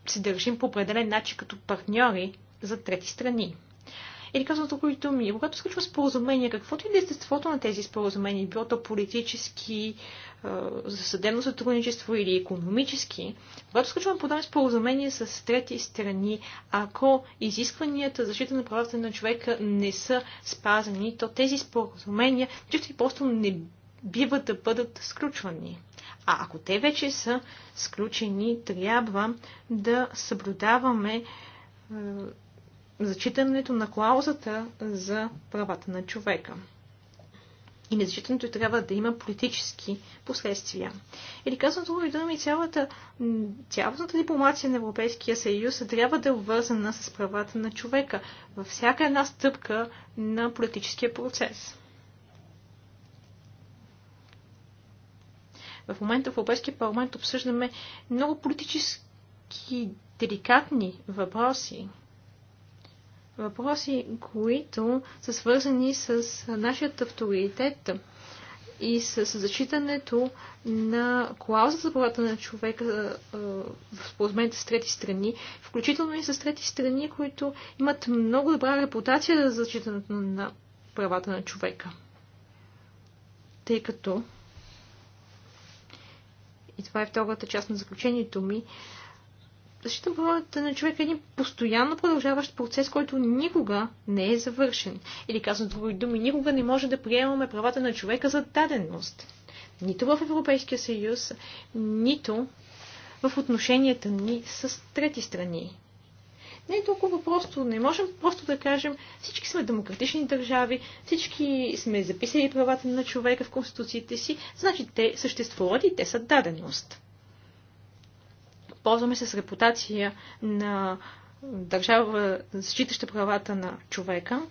се държим по определен начин като партньори за трети страни. Или казвам други думи, когато сключва споразумение, каквото и да е естеството на тези споразумения, било то политически, за съдебно сътрудничество или економически, когато сключваме подобни споразумение с трети страни, ако изискванията за защита на правата на човека не са спазени, то тези споразумения чисто и просто не бива да бъдат сключвани. А ако те вече са сключени, трябва да съблюдаваме е, зачитането на клаузата за правата на човека. И незачитането трябва да има политически последствия. Или казвам други думи, цялата, цялата дипломация на Европейския съюз трябва да е обвързана с правата на човека във всяка една стъпка на политическия процес. В момента в Европейския парламент обсъждаме много политически деликатни въпроси. Въпроси, които са свързани с нашия авторитет и с зачитането на клаузата за правата на човека е, в споразумението с трети страни, включително и с трети страни, които имат много добра репутация за зачитането на правата на човека. Тъй като и това е втората част на заключението ми, защита правата на човека е един постоянно продължаващ процес, който никога не е завършен. Или казано други думи, никога не може да приемаме правата на човека за даденост. Нито в Европейския съюз, нито в отношенията ни с трети страни не е толкова просто. Не можем просто да кажем, всички сме демократични държави, всички сме записали правата на човека в конституциите си, значи те съществуват и те са даденост. Ползваме се с репутация на държава, зачитаща правата на човека,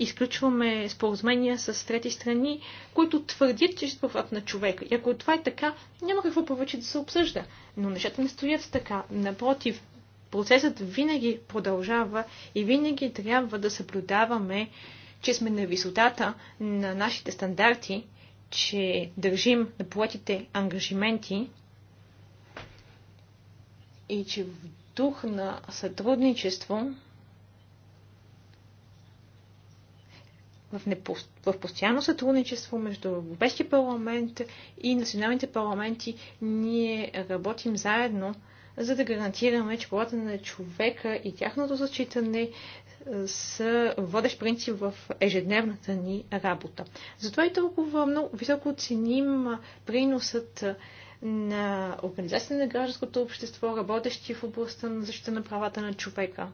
изключваме споразумения с трети страни, които твърдят, че ще правят на човека. И ако това е така, няма какво повече да се обсъжда. Но нещата не стоят така. Напротив, процесът винаги продължава и винаги трябва да съблюдаваме, че сме на висотата на нашите стандарти, че държим на платите ангажименти и че в дух на сътрудничество в, непост... в постоянно сътрудничество между Европейския парламент и националните парламенти ние работим заедно, за да гарантираме, че правата на човека и тяхното зачитане са водещ принцип в ежедневната ни работа. Затова и толкова много високо ценим приносът на организации на гражданското общество, работещи в областта на защита на правата на човека.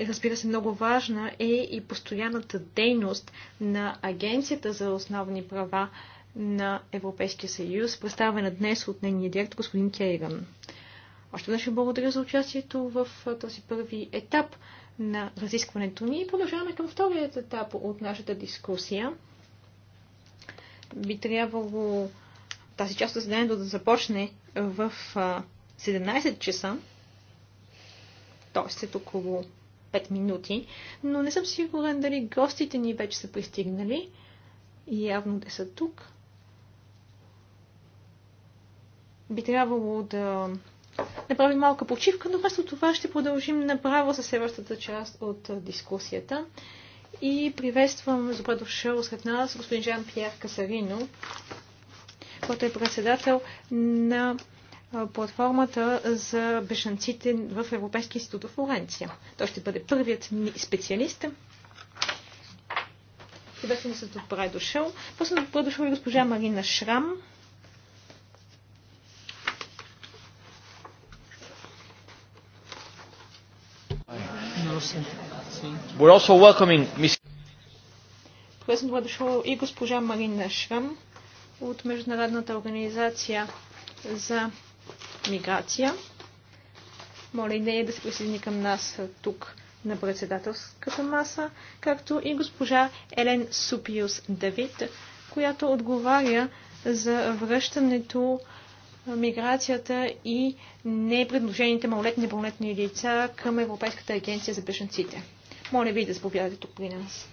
разбира се, много важна е и постоянната дейност на Агенцията за основни права на Европейския съюз, представена днес от нейния директор господин Кейран. Още веднъж ще благодаря за участието в този първи етап на разискването ни и продължаваме към вторият етап от нашата дискусия. Би трябвало тази част от заседанието да започне в 17 часа, т.е. около 5 минути, но не съм сигурен дали гостите ни вече са пристигнали. Явно те са тук. Би трябвало да направим малка почивка, но вместо това ще продължим направо със следващата част от дискусията. И приветствам за дошъл сред нас господин Жан Пьер Касарино, който е председател на платформата за бешенците в Европейския институт в Флоренция. Той ще бъде първият ни специалист. Приветствам се добре дошъл. После добре дошъл и госпожа Марина Шрам. We're also welcoming Miss... добре дошъл и госпожа Марина Шрам от Международната организация за миграция. Моля и нея да се присъедини към нас тук на председателската маса, както и госпожа Елен Супиус Давид, която отговаря за връщането миграцията и непредложените малолетни и пълнолетни лица към Европейската агенция за бежанците. Моля ви да заповядате тук при нас.